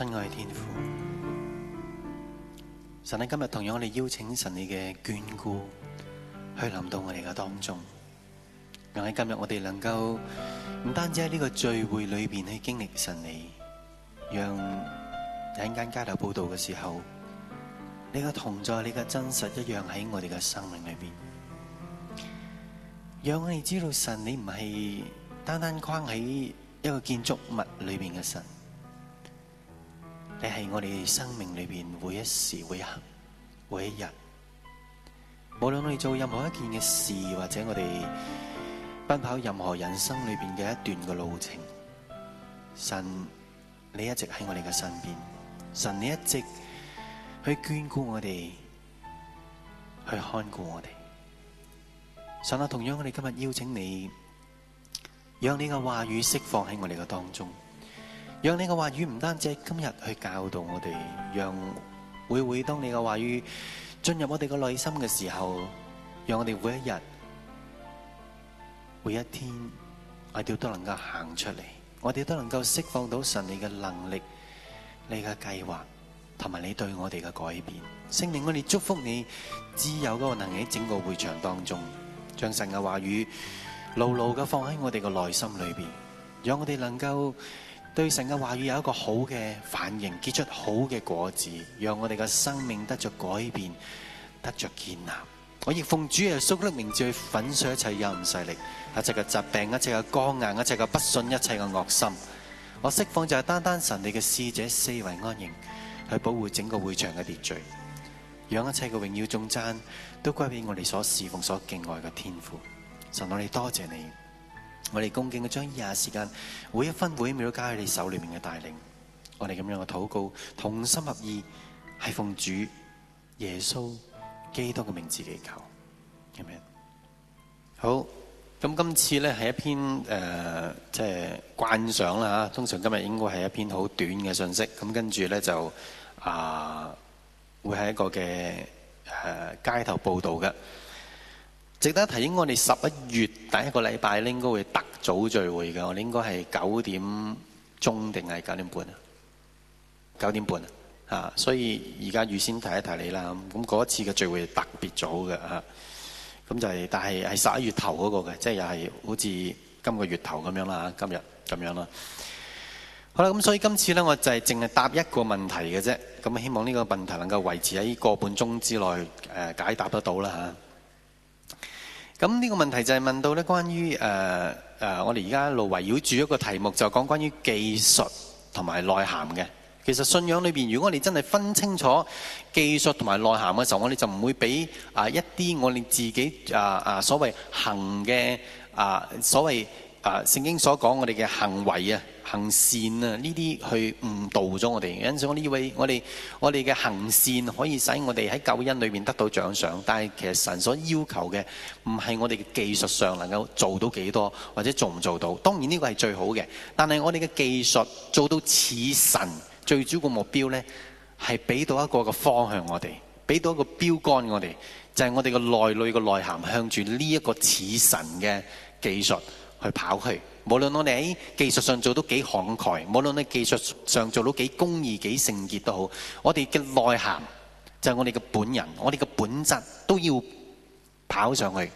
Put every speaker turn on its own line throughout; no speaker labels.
親愛嘅天父，神喺今日同樣我哋邀請神你嘅眷顧去臨到我哋嘅當中。讓喺今日我哋能夠唔單止喺呢個聚會裏邊去經歷神你，讓喺一間街頭佈道嘅時候，你嘅同在、你嘅真實一樣喺我哋嘅生命裏邊，讓我哋知道神你唔係單單框喺一個建築物裏邊嘅神。你係我哋生命裏邊每一時每一刻，每一日，無論我哋做任何一件嘅事，或者我哋奔跑任何人生裏邊嘅一段嘅路程，神你一直喺我哋嘅身邊，神你一直去眷顧我哋，去看顧我哋。神啊，同樣我哋今日邀請你，讓你嘅話語釋放喺我哋嘅當中。讓你嘅話語唔單止係今日去教導我哋，讓每回當你嘅話語進入我哋個內心嘅時候，讓我哋每一日、每一天，我哋都能夠行出嚟，我哋都能夠釋放到神你嘅能力、你嘅計劃同埋你對我哋嘅改變。聖靈，我哋祝福你，只有嗰個能力喺整個會場當中，將神嘅話語牢牢嘅放喺我哋嘅內心裏邊，讓我哋能夠。對神嘅話語有一個好嘅反應，結出好嘅果子，讓我哋嘅生命得着改變，得着建立。我亦奉主耶穌嘅名字去粉碎一切陰勢力，一切嘅疾病，一切嘅光硬，一切嘅不信，一切嘅惡心。我釋放就係單單神你嘅使者四圍安營，去保護整個會場嘅秩序，讓一切嘅榮耀頌讚都歸俾我哋所侍奉、所敬愛嘅天父。神，我哋多謝你。我哋恭敬嘅將以下時間，每一分每一秒都交喺你手裏面嘅帶領。我哋咁樣嘅禱告，同心合意，係奉主耶穌基督嘅名字祈求，係咪？好，咁今次咧係一篇誒，即係慣常啦吓。通常今日應該係一篇好短嘅信息，咁跟住咧就啊，會係一個嘅誒街頭報道嘅。值得提醒，我哋十一月第一個禮拜咧，應該會特早聚會嘅。我哋應該係九點鐘定係九點半啊？九點半啊？啊！所以而家預先提一提你啦。咁嗰一次嘅聚會是特別早嘅啊。咁就係、是，但係係十一月頭嗰、那個嘅，即係又係好似今個月頭咁樣啦、啊。今日咁樣啦。好、啊、啦，咁所以今次呢，我就係淨係答一個問題嘅啫。咁希望呢個問題能夠維持喺個半鐘之內誒、啊、解答得到啦吓。啊咁呢個問題就係問到咧，關於誒誒，我哋而家一路圍繞住一個題目，就係講關於技術同埋內涵嘅。其實信仰裏邊，如果我哋真係分清楚技術同埋內涵嘅時候，我哋就唔會俾啊一啲我哋自己啊啊所謂行嘅啊所謂。啊！聖經所講，我哋嘅行為啊，行善啊，呢啲去誤導咗我哋。因此我我，我呢位我哋我哋嘅行善可以使我哋喺救恩裏面得到獎賞。但係其實神所要求嘅唔係我哋嘅技術上能夠做到幾多，或者做唔做到。當然呢個係最好嘅，但係我哋嘅技術做到似神，最主要嘅目標咧，係俾到一個一個方向我哋，我哋俾到一個標杆我哋，就是、我哋就係我哋嘅內裏嘅內涵向個，向住呢一個似神嘅技術。去跑去，無論我哋喺技術上做到幾慷慨，無論你技術上做到幾公義幾聖潔都好，我哋嘅內涵就係我哋嘅本人，我哋嘅本質都要跑上去。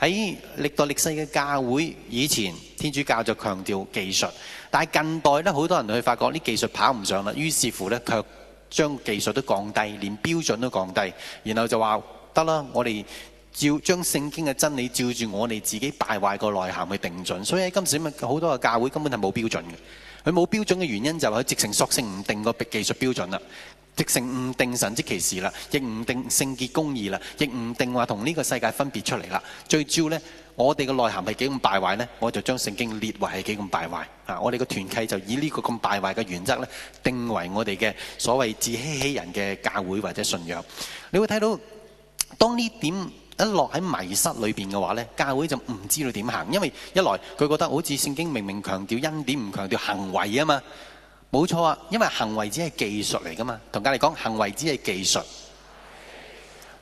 喺歷代歷世嘅教會以前，天主教就強調技術，但係近代咧，好多人去發覺啲技術跑唔上啦，於是乎呢，卻將技術都降低，連標準都降低，然後就話得啦，我哋。照將聖經嘅真理照住我哋自己敗壞個內涵去定準，所以今時好多嘅教會根本係冇標準嘅。佢冇標準嘅原因就係佢直成索性唔定個技術標準啦，直成唔定神蹟奇事啦，亦唔定聖潔公義啦，亦唔定話同呢個世界分別出嚟啦。最主要呢，我哋嘅內涵係幾咁敗壞呢？我就將聖經列為係幾咁敗壞啊！我哋嘅團契就以呢個咁敗壞嘅原則呢，定為我哋嘅所謂自欺欺人嘅教會或者信仰。你會睇到當呢點。一落喺迷失裏邊嘅話呢，教會就唔知道點行，因為一來佢覺得好似聖經明明強調恩典，唔強調行為啊嘛，冇錯啊，因為行為只係技術嚟噶嘛，同家嚟講，行為只係技術，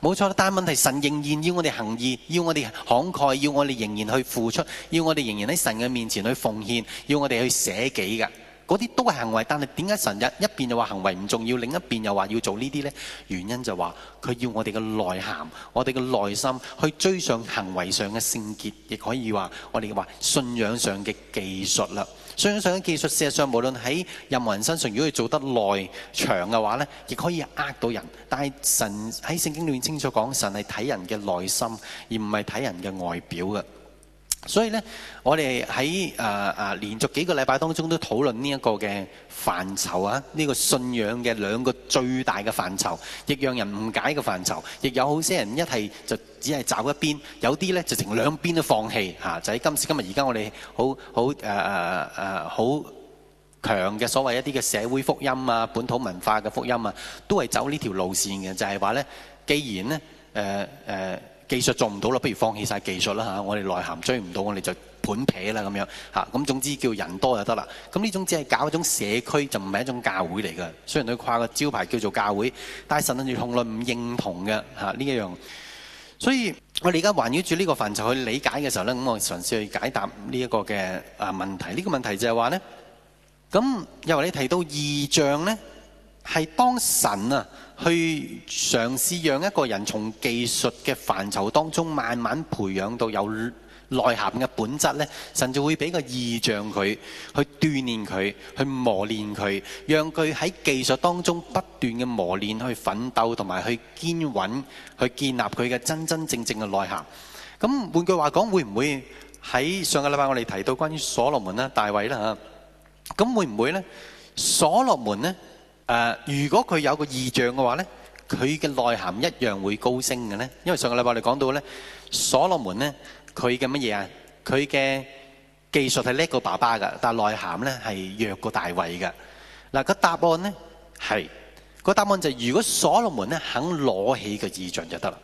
冇錯啊，但問題神仍然要我哋行義，要我哋慷慨，要我哋仍然去付出，要我哋仍然喺神嘅面前去奉獻，要我哋去捨己噶。嗰啲都係行為，但係點解神一一邊又話行為唔重要，另一邊又話要做呢啲呢？原因就話佢要我哋嘅內涵，我哋嘅內心去追上行為上嘅聖潔，亦可以話我哋嘅話信仰上嘅技術啦。信仰上嘅技術，事實上無論喺任何人身上，如果佢做得耐長嘅話呢，亦可以呃到人。但係神喺聖經裏面清楚講，神係睇人嘅內心，而唔係睇人嘅外表嘅。所以咧，我哋喺誒誒連續幾個禮拜當中都討論呢一個嘅範疇啊，呢個信仰嘅兩個最大嘅範疇，亦讓人誤解嘅範疇，亦有好些人一係就只係走一邊，有啲咧就成兩邊都放棄、吓、就喺今時今日而家我哋好好誒好強嘅所謂一啲嘅社會福音啊、本土文化嘅福音啊，都係走呢條路線嘅，就係話咧，既然呢。誒、啊、誒。啊技術做唔到啦，不如放棄晒技術啦、啊、我哋內涵追唔到，我哋就盤撇啦咁樣咁、啊、總之叫人多就得啦。咁、啊、呢種只係搞一種社區，就唔係一種教會嚟嘅。雖然佢掛個招牌叫做教會，但係神與同類唔認同嘅呢一樣。所以我哋而家環繞住呢個範疇去理解嘅時候呢，咁我嘗試去解答呢一個嘅啊問題。呢、呢個問題就係話呢，咁又話你提到異象呢。係當神啊，去嘗試讓一個人從技術嘅範疇當中慢慢培養到有內涵嘅本質呢，神就會俾個異象佢，去鍛煉佢，去磨練佢，讓佢喺技術當中不斷嘅磨練，去奮鬥同埋去堅穩，去建立佢嘅真真正正嘅內涵。咁換句話講，會唔會喺上個禮拜我哋提到關於所羅門啦、大衛啦吓？咁會唔會呢？所羅門呢？誒、呃，如果佢有個異象嘅話呢，佢嘅內涵一樣會高升嘅呢，因為上個禮拜我哋講到呢，所羅門呢，佢嘅乜嘢啊？佢嘅技術係叻過爸爸噶，但係內涵呢係弱過大衛嘅。嗱、那個答案呢，係、那個答案就係、是、如果所羅門咧肯攞起個異象就得啦。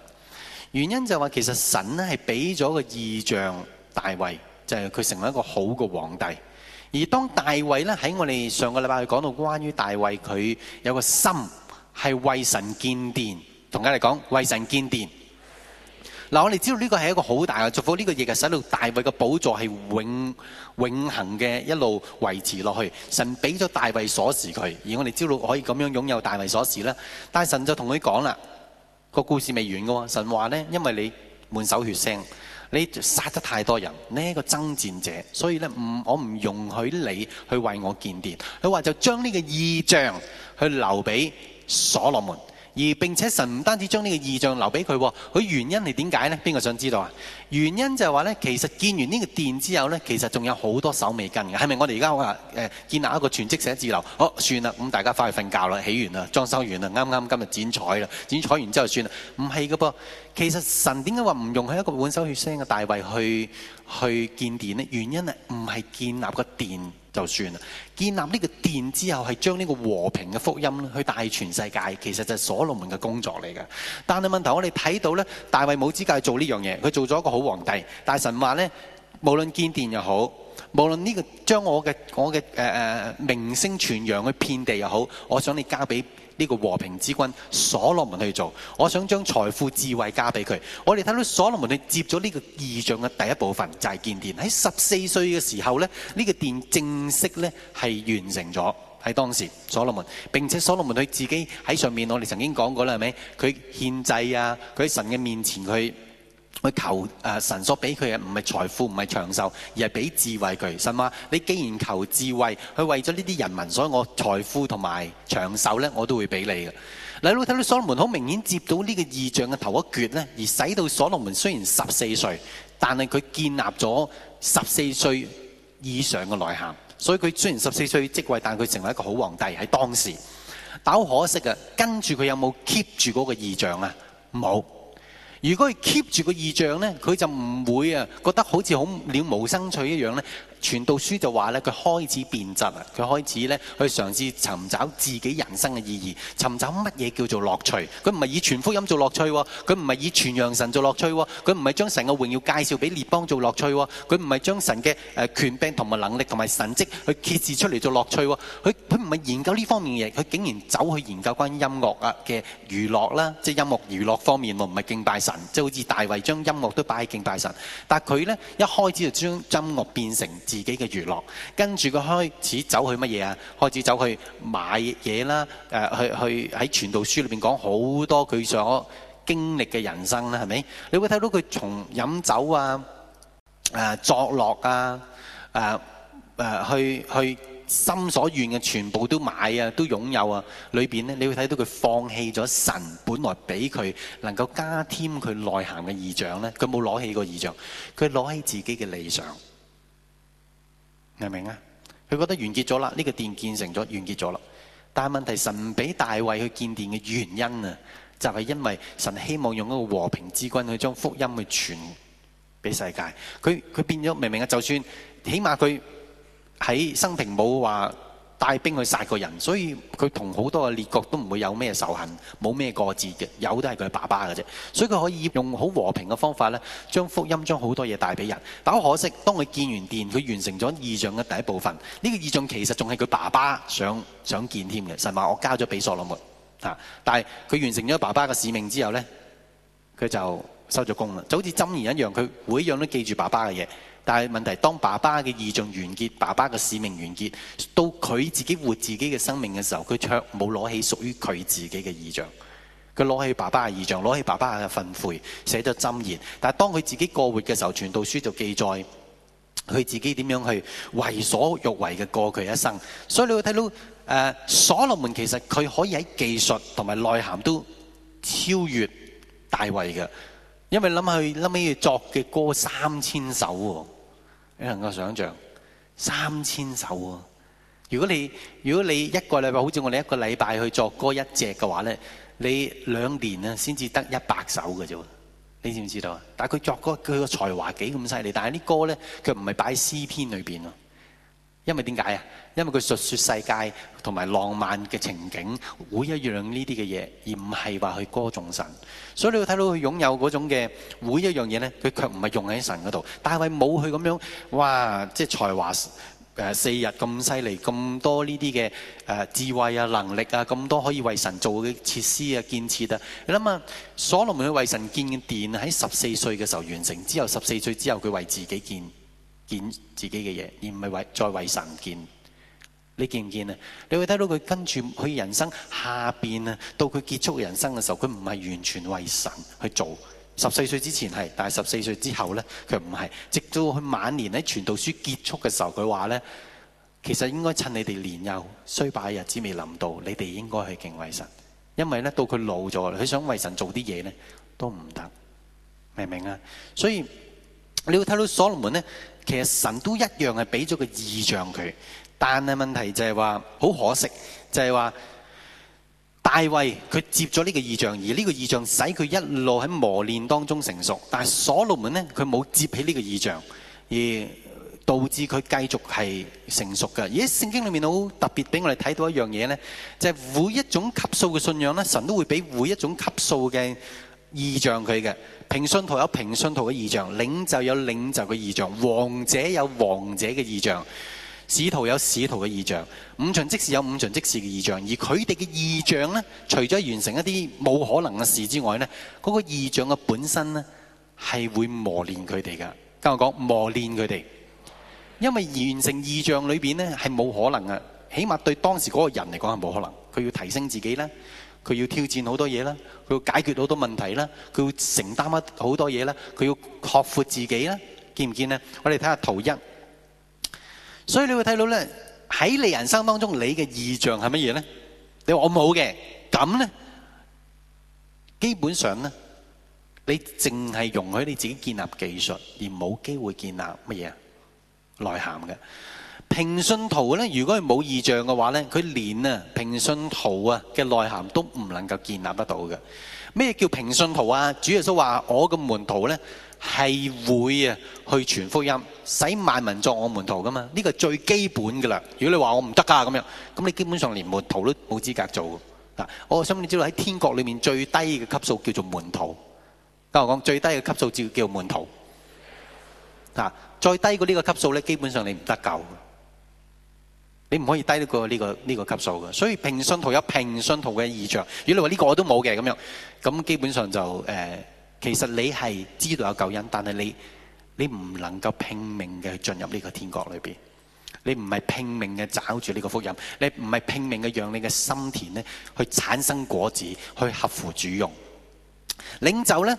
原因就係話其實神咧係俾咗個異象大衛，就係、是、佢成為一個好嘅皇帝。而當大衛咧喺，我哋上個禮拜去講到關於大衛佢有個心係為神建殿，同佢嚟講，為神建殿。嗱，我哋知道呢個係一個好大嘅祝福，呢個亦係使到大衛嘅寶座係永永恆嘅一路維持落去。神俾咗大衛鎖匙佢，而我哋知道可以咁樣擁有大衛鎖匙啦。但係神就同佢講啦，個故事未完噶。神話咧，因為你滿手血腥。你殺得太多人，呢個爭戰者，所以咧唔，我唔容許你去為我建殿。佢話就將呢個異象去留俾所羅門，而並且神唔單止將呢個異象留俾佢，佢原因係點解呢？邊個想知道啊？原因就係話呢，其實建完呢個殿之後呢，其實仲有好多手未跟嘅，係咪？我哋而家話誒，建立一個全職寫字樓，好、哦、算啦，咁大家快去瞓覺啦，起完啦，裝修完啦，啱啱今日剪彩啦，剪彩完之後算啦，唔係噶噃，其實神點解話唔用係一個滿手血腥嘅大衛去去建殿呢？原因咧，唔係建立個殿就算啦。建立呢個殿之後，係將呢個和平嘅福音去帶全世界，其實就係所羅門嘅工作嚟嘅。但係問題我哋睇到呢，大衛冇資格去做呢樣嘢，佢做咗一個好皇帝。但神話呢，無論建殿又好，無論呢、這個將我嘅我嘅誒誒名聲傳揚去遍地又好，我想你交俾。呢個和平之君所羅門去做，我想將財富智慧加俾佢。我哋睇到所羅門去接咗呢個異象嘅第一部分就係、是、建殿。喺十四歲嘅時候呢，呢、這個殿正式呢係完成咗。喺當時所羅門。並且所羅門佢自己喺上面，我哋曾經講過啦，係咪佢獻祭啊？佢喺神嘅面前佢。佢求誒、呃、神所俾佢嘅唔係財富唔係長壽，而係俾智慧佢。神話你既然求智慧，佢為咗呢啲人民，所以我財富同埋長壽呢，我都會俾你嘅。你會睇到所羅門好明顯接到呢個異象嘅頭一橛呢，而使到所羅門雖然十四歲，但係佢建立咗十四歲以上嘅內涵。所以佢雖然十四歲即位，但佢成為一個好皇帝喺當時。但好可惜嘅，跟住佢有冇 keep 住嗰個異象啊？冇。.如果佢 keep 住個意象咧，佢就唔會啊，覺得好似好了無生趣一樣咧。傳道書就話咧，佢開始變質啦。佢開始咧去嘗試尋找自己人生嘅意義，尋找乜嘢叫做樂趣。佢唔係以傳福音做樂趣喎，佢唔係以傳揚神做樂趣喎，佢唔係將神嘅榮耀介紹俾列邦做樂趣喎，佢唔係將神嘅誒權柄同埋能力同埋神蹟去揭示出嚟做樂趣喎。佢佢唔係研究呢方面嘅嘢，佢竟然走去研究關於音樂啊嘅娛樂啦，即係音樂娛樂方面唔係敬拜神，即係好似大衛將音樂都擺喺敬拜神。但係佢咧一開始就將音樂變成。自己嘅娛樂，跟住佢開始走去乜嘢啊？開始走去買嘢啦，誒、呃、去去喺傳道書裏邊講好多佢所經歷嘅人生啦，係咪？你會睇到佢從飲酒啊、啊、作樂啊、誒、啊、誒、啊、去去心所願嘅全部都買啊，都擁有啊，裏邊呢，你會睇到佢放棄咗神本來俾佢能夠加添佢內涵嘅異象呢。佢冇攞起個異象，佢攞起自己嘅理想。明唔明啊？佢覺得完結咗啦，呢、這個殿建成咗，完結咗啦。但係問題，神唔俾大衛去建殿嘅原因啊，就係、是、因為神希望用一個和平之君去將福音去傳俾世界。佢佢變咗，明唔明啊？就算起碼佢喺生平冇話。帶兵去殺個人，所以佢同好多嘅列國都唔會有咩仇恨，冇咩過節嘅，有都係佢爸爸嘅啫。所以佢可以用好和平嘅方法咧，將福音將好多嘢帶俾人。但可惜，當佢建完殿，佢完成咗異象嘅第一部分。呢、這個異象其實仲係佢爸爸想想見添嘅神話，實我交咗俾所羅門，但係佢完成咗爸爸嘅使命之後呢，佢就收咗工啦。就好似箴言一樣，佢每一樣都記住爸爸嘅嘢。但係問題是，當爸爸嘅異象完結，爸爸嘅使命完結，到佢自己活自己嘅生命嘅時候，佢卻冇攞起屬於佢自己嘅異象。佢攞起爸爸嘅異象，攞起爸爸嘅訓誨，寫咗箴言。但係當佢自己過活嘅時候，傳道書就記載佢自己點樣去為所欲為嘅過佢一生。所以你會睇到，誒、呃，所羅門其實佢可以喺技術同埋內涵都超越大衛嘅，因為諗下佢諗起佢作嘅歌三千首，哦。你能夠想像三千首喎？如果你如果你一個禮拜好似我哋一個禮拜去作歌一隻嘅話咧，你兩年啊先至得一百首嘅啫。你知唔知道啊？但係佢作歌佢個才華幾咁犀利？但係啲歌咧佢唔係擺喺詩篇裏邊咯，因為點解啊？因為佢述說世界同埋浪漫嘅情景，每一樣呢啲嘅嘢，而唔係話去歌頌神。所以你會睇到佢擁有嗰種嘅每一樣嘢呢，佢卻唔係用喺神嗰度，但係冇佢咁樣哇，即係才華誒、呃、四日咁犀利，咁多呢啲嘅誒智慧啊、能力啊，咁多可以為神做嘅設施啊、建設啊。你諗下，所羅門去為神建殿喺十四歲嘅時候完成，之後十四歲之後佢為自己建建自己嘅嘢，而唔係為再為神建。你見唔見啊？你會睇到佢跟住，佢人生下邊啊，到佢結束人生嘅時候，佢唔係完全為神去做。十四歲之前係，但係十四歲之後呢，佢唔係。直到佢晚年喺傳道書結束嘅時候，佢話呢，其實應該趁你哋年幼，衰敗日子未臨到，你哋應該去敬畏神。因為呢，到佢老咗，佢想為神做啲嘢呢，都唔得，明唔明啊？所以你會睇到所羅門呢，其實神都一樣係俾咗個意象佢。但係問題就係話，好可惜，就係話大衛佢接咗呢個異象，而呢個異象使佢一路喺磨練當中成熟。但係所羅門呢，佢冇接起呢個異象，而導致佢繼續係成熟嘅。而喺聖經裏面好特別，俾我哋睇到一樣嘢呢，就係每一種級數嘅信仰咧，神都會俾每一種級數嘅異象佢嘅。平信徒有平信徒嘅異象，領袖有領袖嘅異象，王者有王者嘅異象。使徒有使徒嘅異象，五旬即使有五旬即使嘅異象，而佢哋嘅異象呢，除咗完成一啲冇可能嘅事之外呢，嗰、嗰個異象嘅本身呢，係會磨練佢哋噶。跟我講磨練佢哋，因為完成異象裏邊呢，係冇可能噶，起碼對當時嗰個人嚟講係冇可能。佢要提升自己啦，佢要挑戰好多嘢啦，佢要解決好多問題啦，佢要承擔好多嘢啦，佢要擴闊自己啦，見唔見呢？我哋睇下圖一。所以你會睇到咧，喺你人生當中，你嘅意象係乜嘢咧？你話我冇嘅。咁咧，基本上咧，你淨係容許你自己建立技術，而冇機會建立乜嘢啊內涵嘅。平信圖咧，如果係冇意象嘅話咧，佢連啊平信圖啊嘅內涵都唔能夠建立得到嘅。咩叫平信徒啊？主耶穌話：我嘅門徒呢係會啊去傳福音，使萬民作我門徒噶嘛？呢個最基本噶啦。如果你話我唔得噶咁樣，咁你基本上連門徒都冇資格做。嗱，我想你知道喺天國裏面最低嘅級數叫做門徒。教我講最低嘅級數叫叫門徒。嗱，再低過呢個級數呢，基本上你唔得救。你唔可以低得過呢個呢個級數嘅，所以平信徒有平信徒嘅異象。如果你話呢個我都冇嘅咁樣，咁基本上就、呃、其實你係知道有救恩，但係你你唔能夠拼命嘅進入呢個天國裏邊。你唔係拼命嘅找住呢個福音，你唔係拼命嘅讓你嘅心田咧去產生果子，去合乎主用。領袖呢。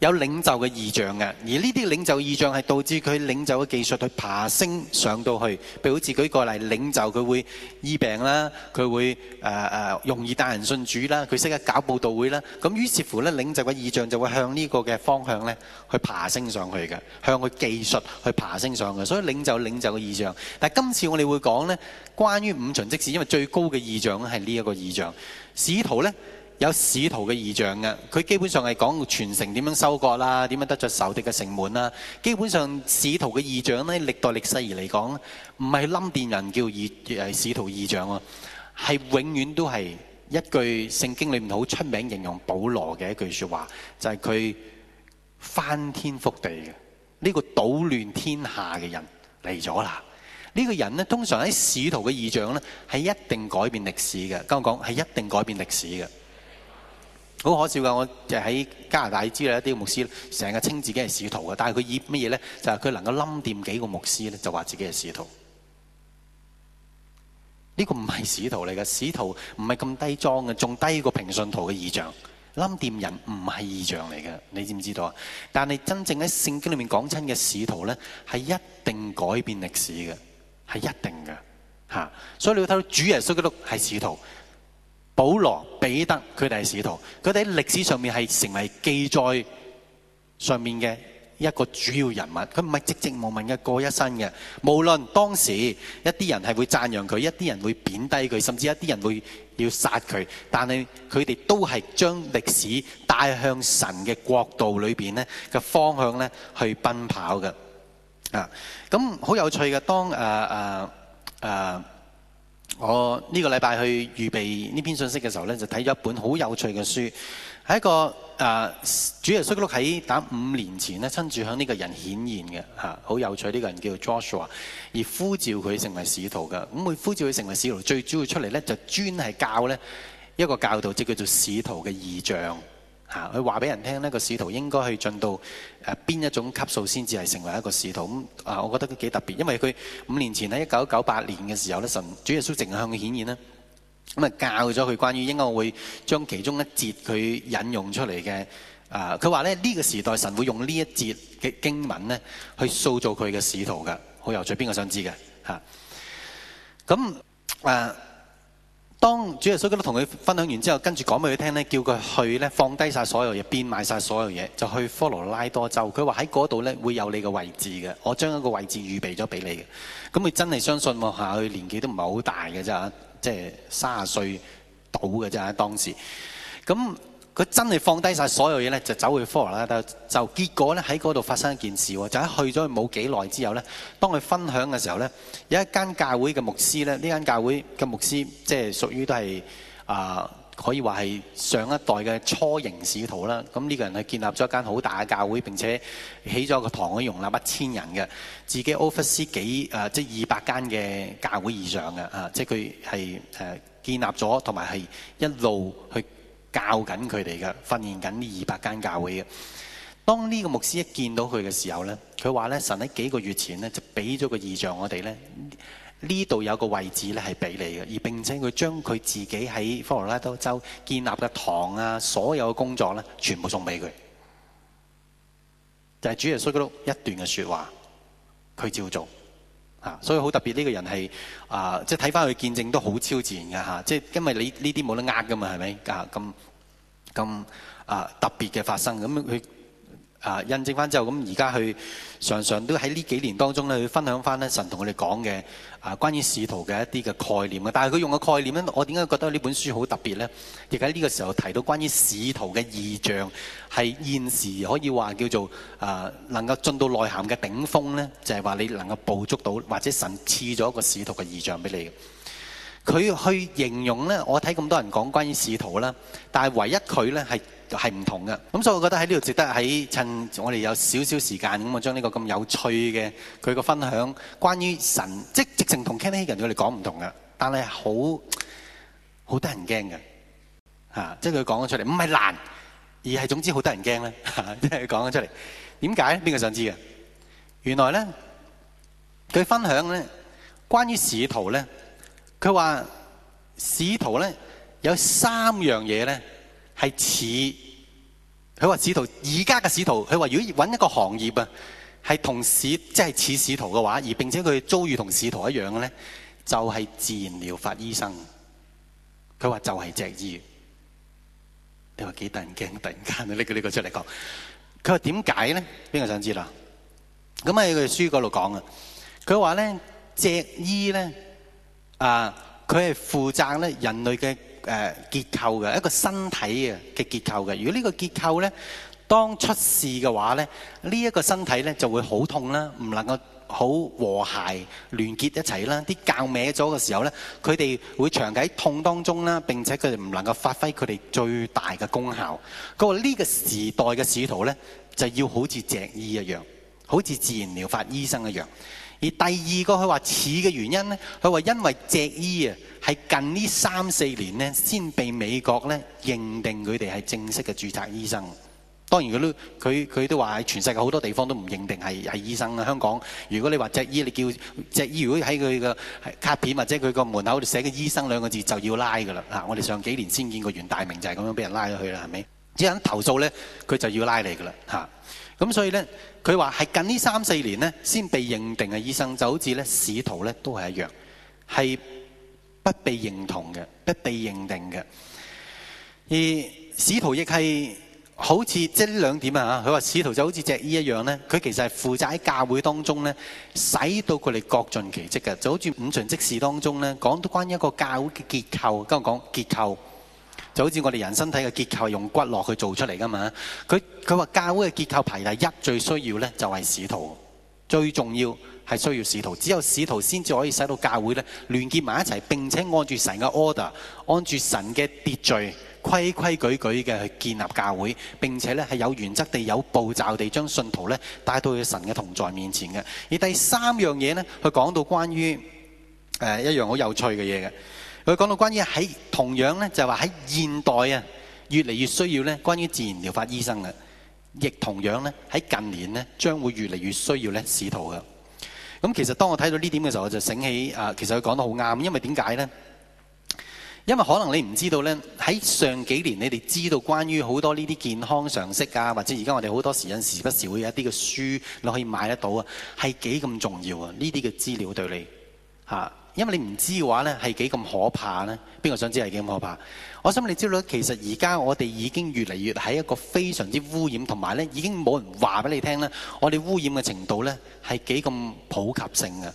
有領袖嘅異象嘅，而呢啲領袖異象係導致佢領袖嘅技術去爬升上到去，譬如好似舉個例領袖佢會醫病啦，佢會誒誒、呃、容易帶人信主啦，佢識得搞布道會啦，咁於是乎呢領袖嘅異象就會向呢個嘅方向呢去爬升上去嘅，向佢技術去爬升上去。所以領袖領袖嘅異象。但今次我哋會講呢關於五旬即士，因為最高嘅異象係呢一個異象，使徒呢。有使徒嘅異象嘅，佢基本上係講全城點樣收割啦，點樣得著仇敵嘅城門啦。基本上使徒嘅異象咧，歷代歷世而嚟講，唔係冧電人叫異誒使徒異象啊，係永遠都係一句聖經裏面好出名形容保羅嘅一句說話，就係、是、佢翻天覆地嘅呢、這個搗亂天下嘅人嚟咗啦。呢、這個人呢，通常喺使徒嘅異象呢，係一定改變歷史嘅。跟我講，係一定改變歷史嘅。好可笑噶！我就喺加拿大知呢一啲牧師，成日稱自己係使徒嘅，但係佢以乜嘢呢？就係、是、佢能夠冧掂幾個牧師呢，就話自己係使徒。呢、這個唔係使徒嚟嘅，使徒唔係咁低裝嘅，仲低過平信徒嘅異象。冧掂人唔係異象嚟嘅，你知唔知道啊？但係真正喺聖經裏面講親嘅使徒呢，係一定改變歷史嘅，係一定嘅吓。所以你要睇到主耶穌基督係使徒。保羅、彼得，佢哋係使徒，佢哋喺歷史上面係成為記載上面嘅一個主要人物。佢唔係寂寂無聞嘅過一生嘅。無論當時一啲人係會讚揚佢，一啲人會貶低佢，甚至一啲人會要殺佢。但係佢哋都係將歷史帶向神嘅國度裏邊呢嘅方向呢去奔跑嘅。啊，咁好有趣嘅。當誒誒誒。啊啊啊我呢個禮拜去預備呢篇信息嘅時候呢，就睇咗一本好有趣嘅書，係一個誒、呃，主耶穌基督喺打五年前呢親自向呢個人顯現嘅，好有趣呢，呢個人叫做 Joshua，而呼召佢成為使徒嘅，咁會呼召佢成為使徒，最主要出嚟呢就專係教呢一個教導，即叫做使徒嘅異象。吓，佢話俾人聽呢個使徒應該去進到誒邊一種級數先至係成為一個使徒咁啊，我覺得都幾特別，因為佢五年前喺一九九八年嘅時候咧，神主耶穌正向佢顯現呢，咁啊教咗佢關於應該，我會將其中一節佢引用出嚟嘅啊，佢話咧呢個時代神會用呢一節嘅經文咧去塑造佢嘅使徒噶，好有趣，邊個想知嘅？吓？咁啊？呃當主耶穌都同佢分享完之後，跟住講俾佢聽呢，叫佢去呢，放低晒所有嘢，變賣晒所有嘢，就去科羅拉多州。佢話喺嗰度呢，會有你嘅位置嘅，我將一個位置預備咗俾你嘅。咁佢真係相信我，吓，佢年紀都唔係好大嘅啫，即係三十歲到嘅啫，當時咁。佢真係放低晒所有嘢咧，就走去 follow 啦。但就結果咧，喺嗰度發生一件事喎。就喺去咗冇幾耐之後咧，當佢分享嘅時候咧，有一間教會嘅牧師咧，呢間教會嘅牧師即係屬於都係啊、呃，可以話係上一代嘅初型使徒啦。咁呢個人係建立咗一間好大嘅教會，並且起咗個堂可以容納一千人嘅，自己 oversee 幾，幾、呃、即係二百間嘅教會以上嘅啊，即係佢係誒建立咗同埋係一路去。教緊佢哋㗎，訓練緊呢二百間教會嘅。當呢個牧師一見到佢嘅時候呢，佢話呢，神喺幾個月前呢，就俾咗個異象我哋呢，呢度有個位置呢係俾你嘅，而並且佢將佢自己喺科羅拉多州建立嘅堂啊，所有嘅工作呢，全部送俾佢，就係主耶穌嗰度一段嘅說話，佢照做。啊、所以好特別呢、呢個人係啊，即係睇返佢見證都好超自然嘅、啊、即係因為你呢啲冇得呃㗎嘛，係咪啊？咁咁啊，啊特別嘅發生啊！印證翻之後，咁而家去常常都喺呢幾年當中咧，去分享翻咧神同我哋講嘅啊，關於使徒嘅一啲嘅概念嘅啊。但係佢用嘅概念咧，我點解覺得呢本書好特別咧？亦喺呢個時候提到關於使徒嘅異象，係現時可以話叫做啊，能夠進到內涵嘅頂峯咧，就係話你能夠捕捉到，或者神賜咗一個使徒嘅異象俾你嘅。佢去形容咧，我睇咁多人講關於仕途啦，但係唯一佢咧係係唔同嘅。咁所以我覺得喺呢度值得喺趁我哋有少少時間咁啊，將呢個咁有趣嘅佢個分享，關於神即直情同 k e n n a n 佢哋講唔同嘅，但係好好得人驚嘅即係佢講咗出嚟，唔係難，而係總之好得人驚咧，即係佢講咗出嚟。點解咧？邊個想知㗎？原來咧，佢分享咧，關於仕途咧。佢話使徒咧有三樣嘢咧係似，佢話使徒而家嘅使徒，佢話如果要搵一個行業啊，係同使即係似使徒嘅話，而並且佢遭遇同使徒一樣嘅咧，就係、是、自然療法醫生。佢話就係脊醫，你話幾突然驚？突然間你拎佢呢個出嚟講，佢話點解咧？邊個想知啦？咁喺佢書嗰度講啊。佢話咧脊醫咧。啊！佢係負責咧人類嘅誒結構嘅一個身體嘅嘅結構嘅。如果呢個結構咧當出事嘅話咧，呢、這、一個身體咧就會好痛啦，唔能夠好和諧聯結一齊啦。啲骹歪咗嘅時候咧，佢哋會長期喺痛當中啦，並且佢哋唔能夠發揮佢哋最大嘅功效。佢啊，呢個時代嘅使徒咧，就要好似脊醫一樣，好似自然療法醫生一樣。而第二個佢話似嘅原因呢，佢話因為脊醫啊，係近呢三四年呢，先被美國呢認定佢哋係正式嘅註冊醫生。當然佢都佢佢都話喺全世界好多地方都唔認定係係醫生啊。香港如果你話脊醫，你叫脊醫，如果喺佢個卡片或者佢個門口度寫個醫生兩個字，就要拉㗎啦。啊，我哋上幾年先見過袁大明就係咁樣俾人拉咗去啦，係咪？一有投訴呢，佢就要拉你㗎啦，嚇！咁所以咧，佢話係近呢三四年咧，先被認定嘅醫生就好似咧，使徒咧都係一樣，係不被認同嘅，不被認定嘅。而使徒亦係好似即係呢兩點啊。佢話使徒就好似隻醫一樣咧，佢其實係負責喺教會當中咧，使到佢哋各盡其職嘅。就好似五重職事當中咧，講到關於一個教會嘅結構，剛講結構。就好似我哋人身體嘅結構係用骨骼去做出嚟㗎嘛。佢佢話教會嘅結構，排第一最需要呢，就係、是、使徒，最重要係需要使徒。只有使徒先至可以使到教會呢連結埋一齊，並且按住神嘅 order，按住神嘅秩序、規規矩矩嘅去建立教會。並且呢係有原則地、有步驟地將信徒呢帶到去神嘅同在面前嘅。而第三樣嘢呢，佢講到關於誒、呃、一樣好有趣嘅嘢嘅。佢講到關於喺同樣咧，就話、是、喺現代啊，越嚟越需要咧，關於自然療法醫生嘅，亦同樣咧喺近年咧，將會越嚟越需要咧使徒嘅。咁其實當我睇到呢點嘅時候，我就醒起啊，其實佢講得好啱，因為點解呢？因為可能你唔知道咧，喺上幾年你哋知道關於好多呢啲健康常識啊，或者而家我哋好多時陣時不時會有一啲嘅書你可以買得到啊，係幾咁重要啊？呢啲嘅資料對你嚇。因為你唔知嘅話呢，係幾咁可怕呢？邊個想知係幾咁可怕？我想你知道，其實而家我哋已經越嚟越係一個非常之污染，同埋呢，已經冇人話俾你聽呢，我哋污染嘅程度呢，係幾咁普及性㗎。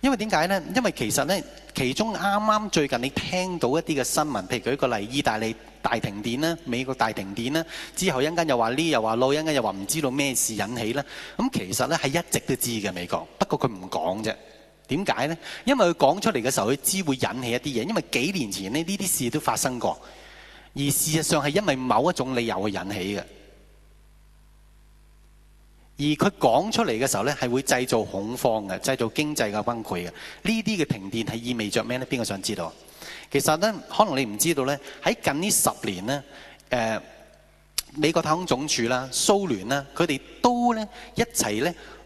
因為點解呢？因為其實呢，其中啱啱最近你聽到一啲嘅新聞，譬如舉個例，意大利大停電啦，美國大停電啦，之後一陣間又話呢，又話路，一陣間又話唔知道咩事引起啦。咁其實呢，係一直都知嘅美國，不過佢唔講啫。點解呢？因為佢講出嚟嘅時候，佢知會引起一啲嘢。因為幾年前呢呢啲事都發生過，而事實上係因為某一種理由會引起嘅。而佢講出嚟嘅時候呢，係會製造恐慌嘅，製造經濟嘅崩潰嘅。呢啲嘅停電係意味着咩呢？邊個想知道？其實呢，可能你唔知道呢。喺近呢十年呢，誒、呃、美國太空總署啦、蘇聯啦，佢哋都呢一齊呢。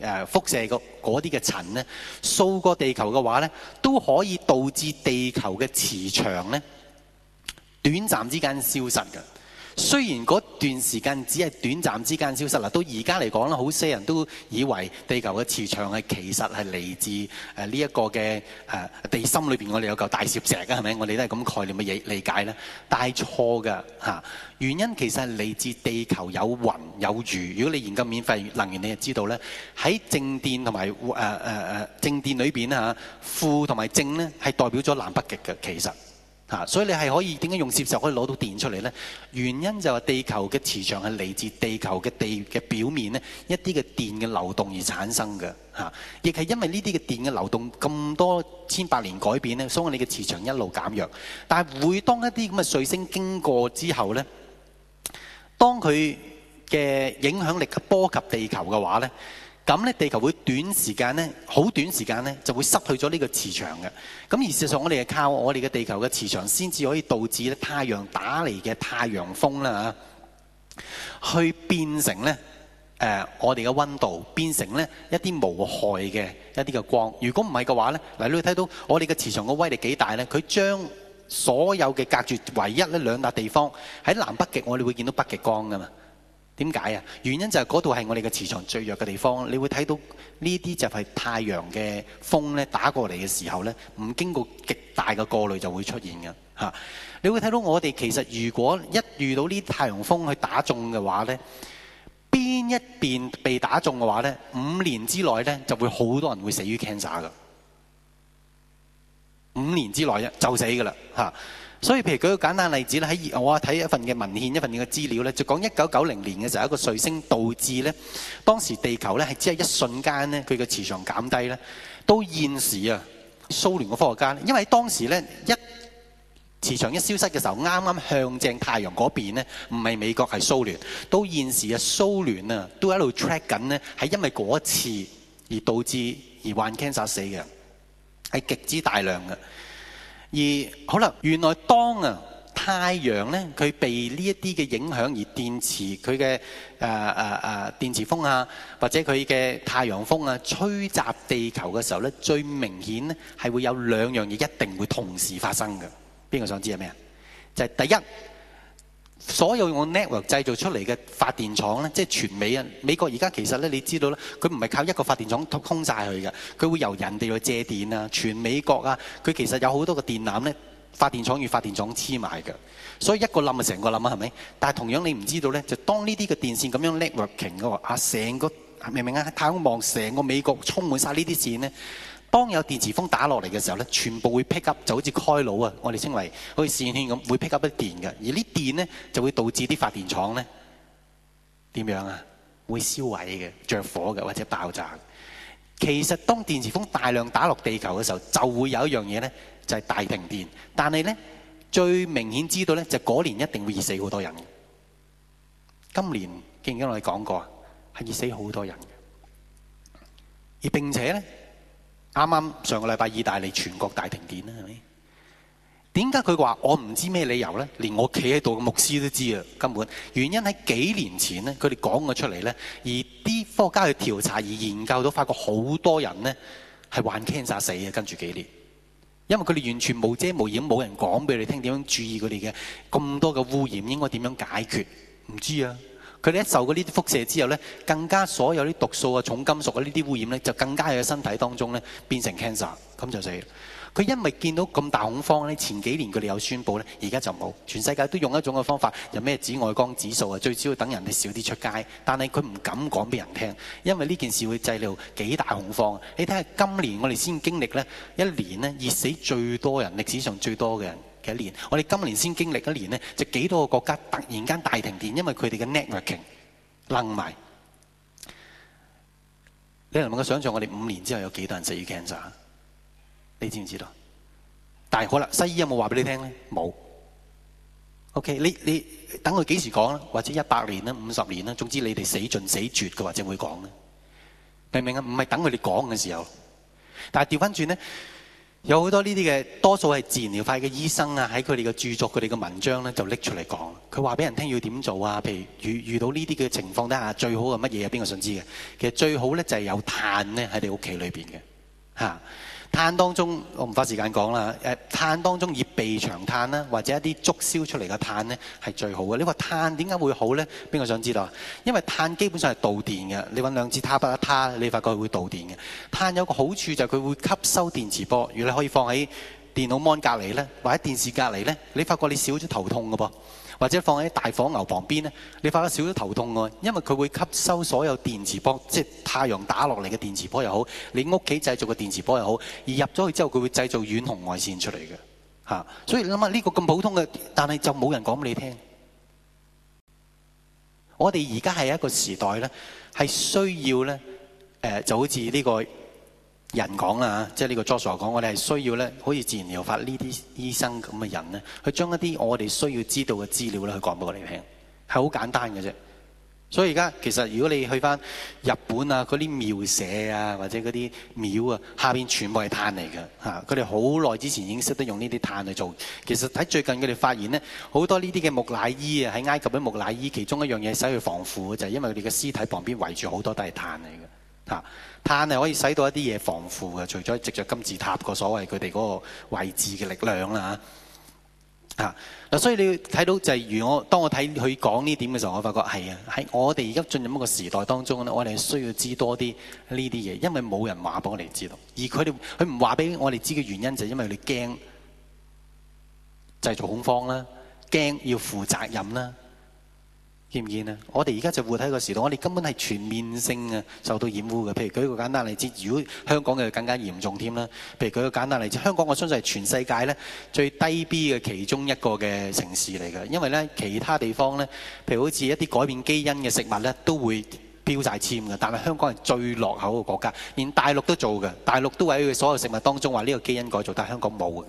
誒、呃、輻射的那些的呢個嗰啲嘅塵咧，掃過地球嘅話咧，都可以導致地球嘅磁場咧，短暫之間消失㗎。雖然嗰段時間只係短暫之間消失啦，到而家嚟講咧，好多人都以為地球嘅磁場係其實係嚟自誒呢一個嘅誒、呃、地心裏邊，我哋有嚿大磁石嘅係咪？我哋都係咁概念嘅嘢理解咧，大錯嘅嚇、啊。原因其實係嚟自地球有雲有雨。如果你研究免費能源，你就知道呢，喺靜電同埋誒誒誒靜電裏邊啊，負同埋正呢係代表咗南北極嘅，其實。所以你係可以點解用磁石可以攞到電出嚟呢？原因就係地球嘅磁場係嚟自地球嘅地嘅表面咧，一啲嘅電嘅流動而產生嘅嚇，亦、啊、係因為呢啲嘅電嘅流動咁多千百年改變咧，所以你嘅磁場一路減弱。但係每當一啲咁嘅彗星經過之後呢，當佢嘅影響力波及地球嘅話呢。咁咧，地球會短時間咧，好短時間咧，就會失去咗呢個磁場嘅。咁而事實上，我哋係靠我哋嘅地球嘅磁場，先至可以導致咧太陽打嚟嘅太陽風啦嚇，去變成咧誒我哋嘅溫度，變成咧一啲無害嘅一啲嘅光。如果唔係嘅話咧，嗱，你會睇到我哋嘅磁場嘅威力幾大咧？佢將所有嘅隔絕唯一呢兩笪地方喺南北極，我哋會見到北極光噶嘛。點解啊？原因就係嗰度係我哋嘅磁場最弱嘅地方，你會睇到呢啲就係太陽嘅風咧打過嚟嘅時候咧，唔經過極大嘅過濾就會出現嘅㗎。你會睇到我哋其實如果一遇到呢太陽風去打中嘅話咧，邊一邊被打中嘅話咧，五年之內咧就會好多人會死於 cancer 嘅。五年之內就死噶啦吓！所以譬如舉個簡單例子咧，喺我睇一份嘅文獻，一份嘅資料咧，就講一九九零年嘅時候，一個彗星導致咧，當時地球咧係只係一瞬間咧佢嘅磁場減低咧，到現時啊，蘇聯嘅科學家呢，因為喺當時咧一磁場一消失嘅時候，啱啱向正太陽嗰邊咧，唔係美國係蘇聯，到現時啊蘇聯啊都喺度 track 緊呢，係因為嗰一次而導致而患 cancer 死嘅。係極之大量嘅，而好啦，原來當啊太陽呢，佢被呢一啲嘅影響而電磁佢嘅誒誒誒電磁風啊，或者佢嘅太陽風啊吹襲地球嘅時候呢，最明顯呢係會有兩樣嘢一定會同時發生嘅。邊個想知係咩啊？就係第一。所有用 network 製造出嚟嘅發電廠呢即係全美啊！美國而家其實呢，你知道呢佢唔係靠一個發電廠通晒佢嘅，佢會由人哋去借電啊！全美國啊，佢其實有好多個電纜呢，發電廠與發電廠黐埋嘅，所以一個冧啊，成個冧啊，係咪？但係同樣你唔知道呢，就當呢啲嘅電線咁樣 networking 嘅話啊，成個明唔明啊？太空望成個美國充滿晒呢啲線呢。當有電磁風打落嚟嘅時候呢，全部會 pick up，就好似開腦啊！我哋稱為好似線圈咁，會 pick up 啲電嘅。而呢電呢，就會導致啲發電廠呢點樣啊？會燒毀嘅、着火嘅或者爆炸。其實當電磁風大量打落地球嘅時候，就會有一樣嘢呢，就係大停電。但係呢，最明顯知道呢，就嗰年一定會熱死好多人嘅。今年記唔記得我哋講過啊？係熱死好多人嘅。而並且呢。啱啱上個禮拜意大利全國大停電啦，係咪？點解佢話我唔知咩理由咧？連我企喺度嘅牧師都知啊，根本原因喺幾年前咧，佢哋講咗出嚟咧，而啲科學家去調查而研究到，發覺好多人咧係患 cancer 死嘅，跟住幾年，因為佢哋完全無遮無掩，冇人講俾你聽點樣注意佢哋嘅咁多嘅污染應該點樣解決，唔知啊。佢哋一受過呢啲輻射之後呢，更加所有啲毒素啊、重金屬啊呢啲污染呢，就更加喺身體當中呢變成 cancer，咁就死。佢因為見到咁大恐慌呢，前幾年佢哋有宣佈呢，而家就冇。全世界都用一種嘅方法，有咩紫外光指數啊，最主要等人哋少啲出街。但係佢唔敢講俾人聽，因為呢件事會製造幾大恐慌。你睇下今年我哋先經歷呢一年呢熱死最多人，歷史上最多嘅人。幾年？我哋今年先經歷一年咧，就幾多個國家突然間大停電，因為佢哋嘅 networking 冧埋。你能唔能夠想象我哋五年之後有幾多人死於 cancer？你知唔知道？但係好啦，西醫有冇話俾你聽咧？冇。OK，你你等佢幾時講啦？或者一百年啦，五十年啦，總之你哋死盡死絕嘅，或者會講咧。明唔明啊？唔係等佢哋講嘅時候。但係調翻轉咧。有好多呢啲嘅，多數係自然療法嘅醫生啊，喺佢哋嘅著作、佢哋嘅文章咧，就拎出嚟講。佢話俾人聽要點做啊？譬如遇遇到呢啲嘅情況底下，最好係乜嘢啊？邊個想知嘅？其實最好咧就係有碳咧喺你屋企裏邊嘅，吓。碳當中，我唔花時間講啦。誒，碳當中以備長炭啦，或者一啲竹燒出嚟嘅碳呢，係最好嘅。你話碳點解會好呢？邊個想知道啊？因為碳基本上係導電嘅。你揾兩支碳筆一攤，你發覺佢會導電嘅。碳有個好處就係佢會吸收電磁波。如果你可以放喺電腦 Mon 隔離呢，或者電視隔離呢，你發覺你少咗頭痛嘅噃。或者放喺大火牛旁邊咧，你發覺少少頭痛喎，因為佢會吸收所有電磁波，即係太陽打落嚟嘅電磁波又好，你屋企製造嘅電磁波又好，而入咗去之後，佢會製造遠紅外線出嚟嘅。吓、啊，所以諗下呢個咁普通嘅，但係就冇人講俾你聽。我哋而家係一個時代咧，係需要咧，誒、呃，就好似呢個。人講啊，即係呢個 Josh 所講，我哋係需要咧，好似自然療法呢啲醫生咁嘅人咧，去將一啲我哋需要知道嘅資料咧，去講俾我哋聽，係好簡單嘅啫。所以而家其實如果你去翻日本啊，嗰啲廟舍啊，或者嗰啲廟啊，下邊全部係碳嚟嘅嚇，佢哋好耐之前已經識得用呢啲碳去做。其實喺最近佢哋發現咧，好多呢啲嘅木乃伊啊，喺埃及嘅木乃伊，其中一樣嘢使佢防腐就係因為佢哋嘅屍體旁邊圍住好多都係碳嚟嘅嚇。碳係可以使到一啲嘢防腐的，除咗藉著金字塔個所謂佢哋嗰個位置嘅力量啦啊，所以你睇到就係，如果當我睇佢講呢點嘅時候，我發覺係啊，喺我哋而家進入一個時代當中呢，我哋需要知多啲呢啲嘢，因為冇人話俾我哋知道，而佢哋佢唔話俾我哋知嘅原因就係因為佢哋驚製造恐慌啦，驚要負責任啦。見唔見啊？我哋而家就活喺個時代，我哋根本係全面性嘅受到染污嘅。譬如舉一個簡單例子，如果香港嘅更加嚴重添啦。譬如舉個簡單例子，香港我相信係全世界咧最低 B 嘅其中一個嘅城市嚟嘅，因為咧其他地方咧，譬如好似一啲改變基因嘅食物咧，都會標晒籤嘅。但係香港係最落後嘅國家，連大陸都做嘅，大陸都喺佢所有食物當中話呢個基因改造，但係香港冇嘅。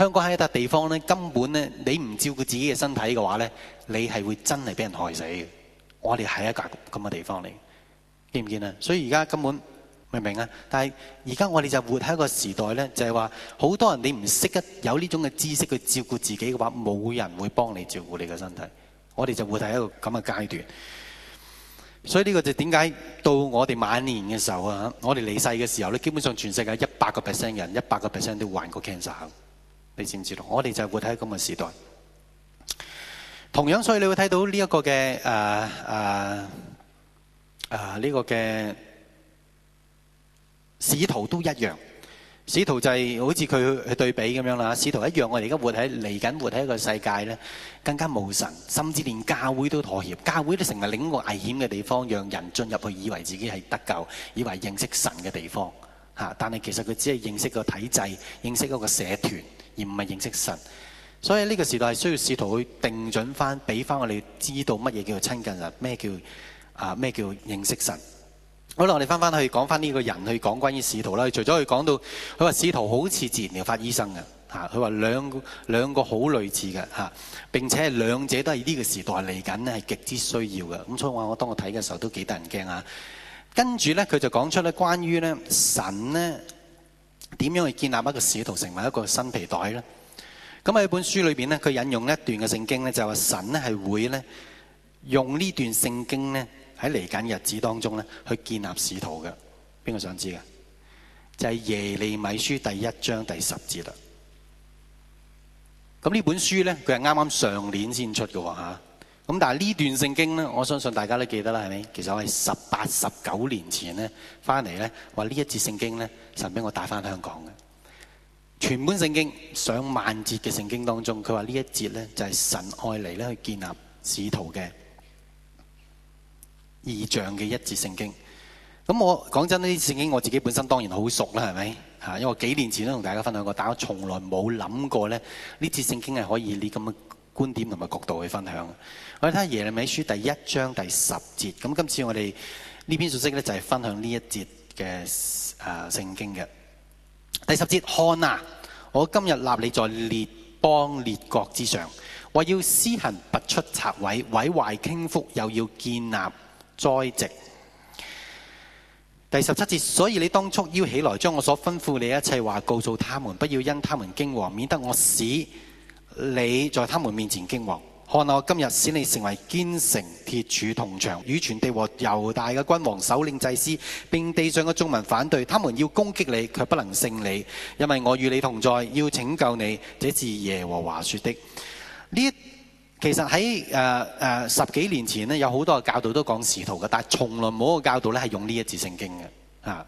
香港喺一笪地方咧，根本咧，你唔照顧自己嘅身體嘅話咧，你係會真係俾人害死嘅。我哋係一笪咁嘅地方嚟，見唔見啊？所以而家根本明唔明啊？但係而家我哋就活喺一個時代咧，就係話好多人你唔識得有呢種嘅知識去照顧自己嘅話，冇人會幫你照顧你嘅身體。我哋就活喺一個咁嘅階段，所以呢個就點解到我哋晚年嘅時候啊，我哋離世嘅時候咧，基本上全世界一百個 percent 人，一百個 percent 都患過 cancer。你知唔知道？我哋就活喺咁嘅時代，同樣，所以你會睇到呢一個嘅誒誒誒呢個嘅使徒都一樣。使徒就係好似佢去對比咁樣啦。使徒一樣，我哋而家活喺嚟緊，活喺一個世界咧，更加無神，甚至連教會都妥協，教會都成為另一個危險嘅地方，讓人進入去以為自己係得救，以為認識神嘅地方吓。但係其實佢只係認識個體制，認識嗰個社團。而唔係認識神，所以呢個時代係需要試圖去定準翻，俾翻我哋知道乜嘢叫做親近人，咩叫啊，咩叫認識神。好啦，我哋翻翻去講翻呢個人去講關於使徒啦。除咗佢講到，佢話使徒好似自然療法醫生嘅嚇，佢話兩兩個好類似嘅嚇，並且係兩者都係呢個時代嚟緊咧係極之需要嘅。咁所以我我當我睇嘅時候都幾得人驚啊。跟住呢，佢就講出咧關於呢神呢。點樣去建立一個使徒成為一個新皮袋呢？咁喺本書裏面咧，佢引用一段嘅聖經咧，就話、是、神咧係會咧用呢段聖經在喺嚟緊日子當中咧去建立使徒嘅。邊個想知嘅？就係耶利米書第一章第十節啦。咁呢本書咧，佢係啱啱上年先出嘅。咁但係呢段聖經呢，我相信大家都記得啦，係咪？其實我係十八十九年前呢翻嚟，呢話呢一節聖經呢，神俾我帶翻香港嘅全本聖經，上萬節嘅聖經當中，佢話呢一節呢，就係、是、神愛嚟呢去建立使徒嘅異象嘅一節聖經。咁我講真呢啲聖經，我自己本身當然好熟啦，係咪？吓，因為我幾年前都同大家分享過，但我從來冇諗過呢，呢節聖經係可以你咁嘅觀點同埋角度去分享。我睇下耶利米書第一章第十節。咁今次我哋呢篇信息呢，就係分享呢一節嘅、呃、聖經嘅第十節。看啊，我今日立你在列邦列國之上，為要施行拔出拆毀、毀壞傾覆，又要建立災植。第十七節，所以你當初邀起來，將我所吩咐你一切話告訴他們，不要因他們驚惶，免得我使你在他們面前驚惶。看，我今日使你成為堅城、鐵柱、銅牆，與全地和猶大嘅君王、首領、祭司並地上嘅眾民反對，他們要攻擊你，卻不能勝你，因為我與你同在，要拯救你。這是耶和華說的。呢其實喺誒誒十幾年前呢，有好多教導都講使徒嘅，但係從來冇一個教導呢係用呢一字聖經嘅啊。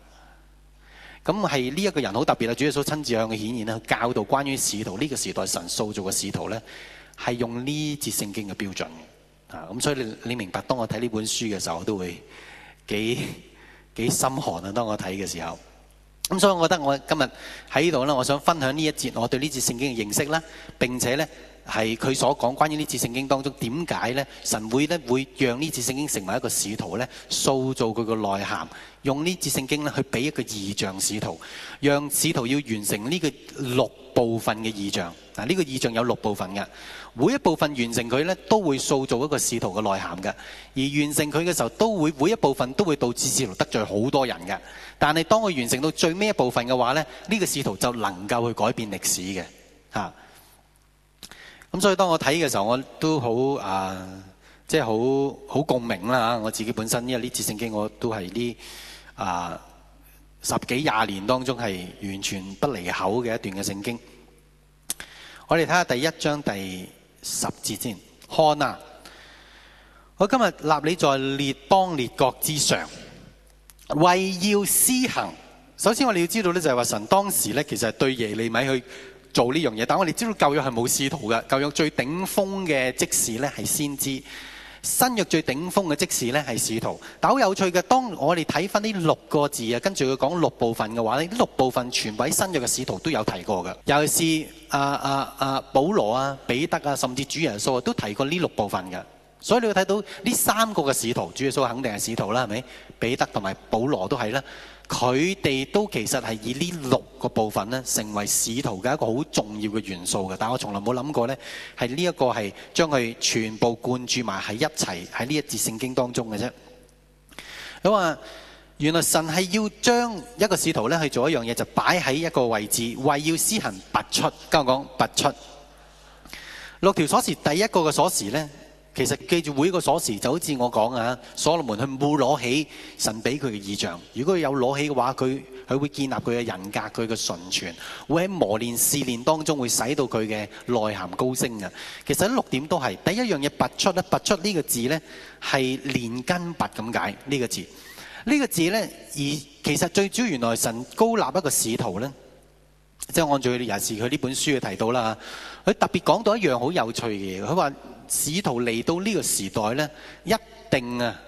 咁係呢一個人好特別啊！主耶穌親自向佢顯現啊，教導關於使徒呢個時代神塑造嘅使徒呢係用呢節聖經嘅標準嘅，咁所以你你明白。當我睇呢本書嘅時候，我都會幾幾心寒啊。當我睇嘅時候，咁所以，我覺得我今日喺呢度呢，我想分享呢一節我對呢節聖經嘅認識啦。並且呢係佢所講關於呢節聖經當中點解呢，神會呢會讓呢節聖經成為一個使徒呢，塑造佢個內涵，用呢節聖經呢去俾一個異象使徒，讓使徒要完成呢個六部分嘅異象。嗱，呢、這個異象有六部分嘅。每一部分完成佢呢，都會塑造一個使徒嘅內涵嘅；而完成佢嘅時候，都會每一部分都會導致使徒得罪好多人嘅。但係當佢完成到最尾一部分嘅話呢呢、呢個使徒就能夠去改變歷史嘅。吓、啊，咁所以當我睇嘅時候，我都好啊，即係好好共鳴啦。吓，我自己本身因為呢次聖經我都係啲啊十幾廿年當中係完全不離口嘅一段嘅聖經。我哋睇下第一章第。十字尖看哪！我今日立你在列當列國之上，為要施行。首先我哋要知道咧，就係話神當時咧，其實係對耶利米去做呢樣嘢。但係我哋知道舊約係冇使徒嘅，舊約最頂峰嘅職事咧係先知。新約最頂峰嘅即時呢係使徒，但好有趣嘅。當我哋睇翻呢六個字啊，跟住佢講六部分嘅話，呢六部分全喺新約嘅使徒都有提過嘅。尤其是啊啊啊，保羅啊、彼得啊，甚至主耶穌都提過呢六部分嘅。所以你會睇到呢三個嘅使徒，主耶穌肯定係使徒啦，係咪？彼得同埋保羅都係啦。佢哋都其實係以呢六個部分呢，成為使徒嘅一個好重要嘅元素嘅。但我從來冇諗過呢，係呢一個係將佢全部灌注埋喺一齊，喺呢一節聖經當中嘅啫。咁啊，原來神係要將一個使徒呢，去做一樣嘢，就擺喺一個位置，為要施行拔出。咁我講拔出六條鎖匙，第一個嘅鎖匙呢。其實記住每一個鎖匙就好似我講啊，所羅門佢冇攞起神俾佢嘅意象。如果有攞起嘅話，佢佢會建立佢嘅人格，佢嘅純全會喺磨練試練當中會使到佢嘅內涵高升啊。其實六點都係第一樣嘢拔出咧，拔出呢個字呢，係連根拔咁解呢個字。呢、這個字呢而其實最主要原來神高立一個使徒呢，即、就、係、是、按照佢哋人事佢呢本書嘅提到啦。佢特別講到一樣好有趣嘅嘢，佢話。使徒嚟到呢個時代咧，一定啊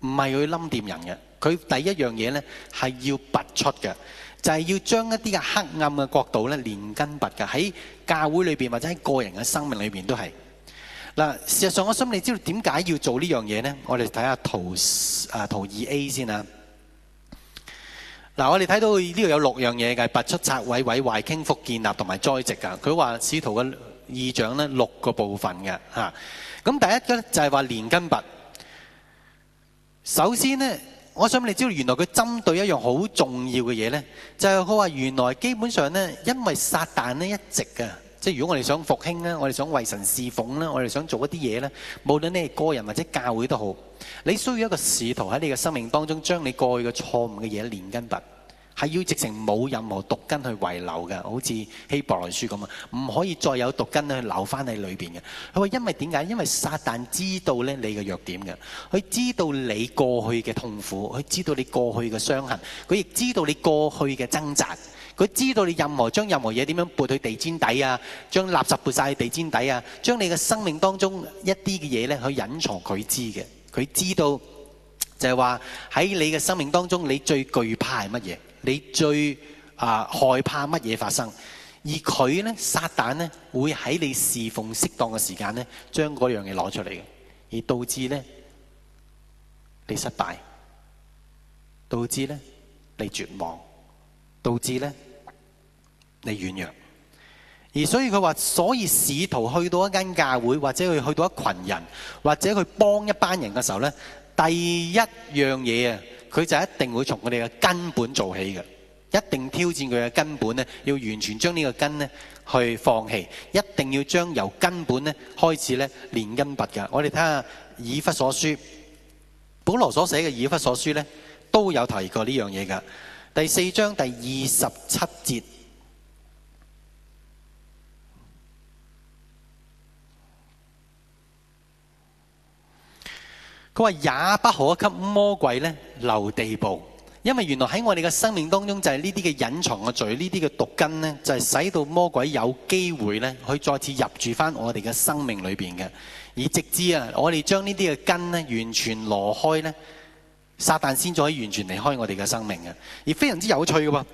唔係去冧掂人嘅。佢第一樣嘢咧係要拔出嘅，就係要將一啲嘅黑暗嘅國度咧連根拔嘅。喺教會裏邊或者喺個人嘅生命裏邊都係。嗱，事實上我想你知道點解要做呢樣嘢咧？我哋睇下圖啊圖二 A 先啊。嗱，我哋睇到呢度有六樣嘢嘅拔出、拆毀、毀壞、傾覆、建立同埋栽植噶。佢話使徒嘅。異象呢，六個部分嘅吓，咁、啊、第一呢，就係話連根拔。首先呢，我想你知道，原來佢針對一樣好重要嘅嘢呢，就係佢話原來基本上呢，因為撒旦呢一直嘅，即係如果我哋想復興呢，我哋想為神侍奉呢，我哋想做一啲嘢呢，無論你係個人或者教會都好，你需要一個試圖喺你嘅生命當中將你過去嘅錯誤嘅嘢連根拔。係要直情冇任何毒根去遺留嘅，好似希伯來書咁啊，唔可以再有毒根去留翻喺裏面嘅。佢話：因為點解？因為撒旦知道咧你嘅弱點嘅，佢知道你過去嘅痛苦，佢知道你過去嘅傷痕，佢亦知道你過去嘅掙扎，佢知，知道你任何將任何嘢點樣撥去地氈底啊，將垃圾撥晒去地氈底啊，將你嘅生命當中一啲嘅嘢咧去隱藏佢知嘅，佢知道。就係話喺你嘅生命當中，你最懼怕係乜嘢？你最啊、呃、害怕乜嘢發生？而佢呢，撒旦呢，會喺你侍奉適當嘅時間呢，將嗰樣嘢攞出嚟，而導致呢，你失敗，導致呢，你絕望，導致呢，你軟弱。而所以佢話，所以試圖去到一間教會，或者去去到一群人，或者去幫一班人嘅時候呢。第一樣嘢啊，佢就一定會從我哋嘅根本做起嘅，一定挑戰佢嘅根本咧，要完全將呢個根咧去放棄，一定要將由根本咧開始咧連根拔噶。我哋睇下《以弗所書》，保羅所寫嘅《以弗所書》咧都有提過呢樣嘢噶，第四章第二十七節。佢話也不可給魔鬼呢留地步，因為原來喺我哋嘅生命當中就係呢啲嘅隱藏嘅罪，呢啲嘅毒根呢就係使到魔鬼有機會呢去再次入住翻我哋嘅生命裏邊嘅。而直至啊，我哋將呢啲嘅根呢完全挪開呢，撒旦先可以完全離開我哋嘅生命嘅。而非常之有趣嘅喎，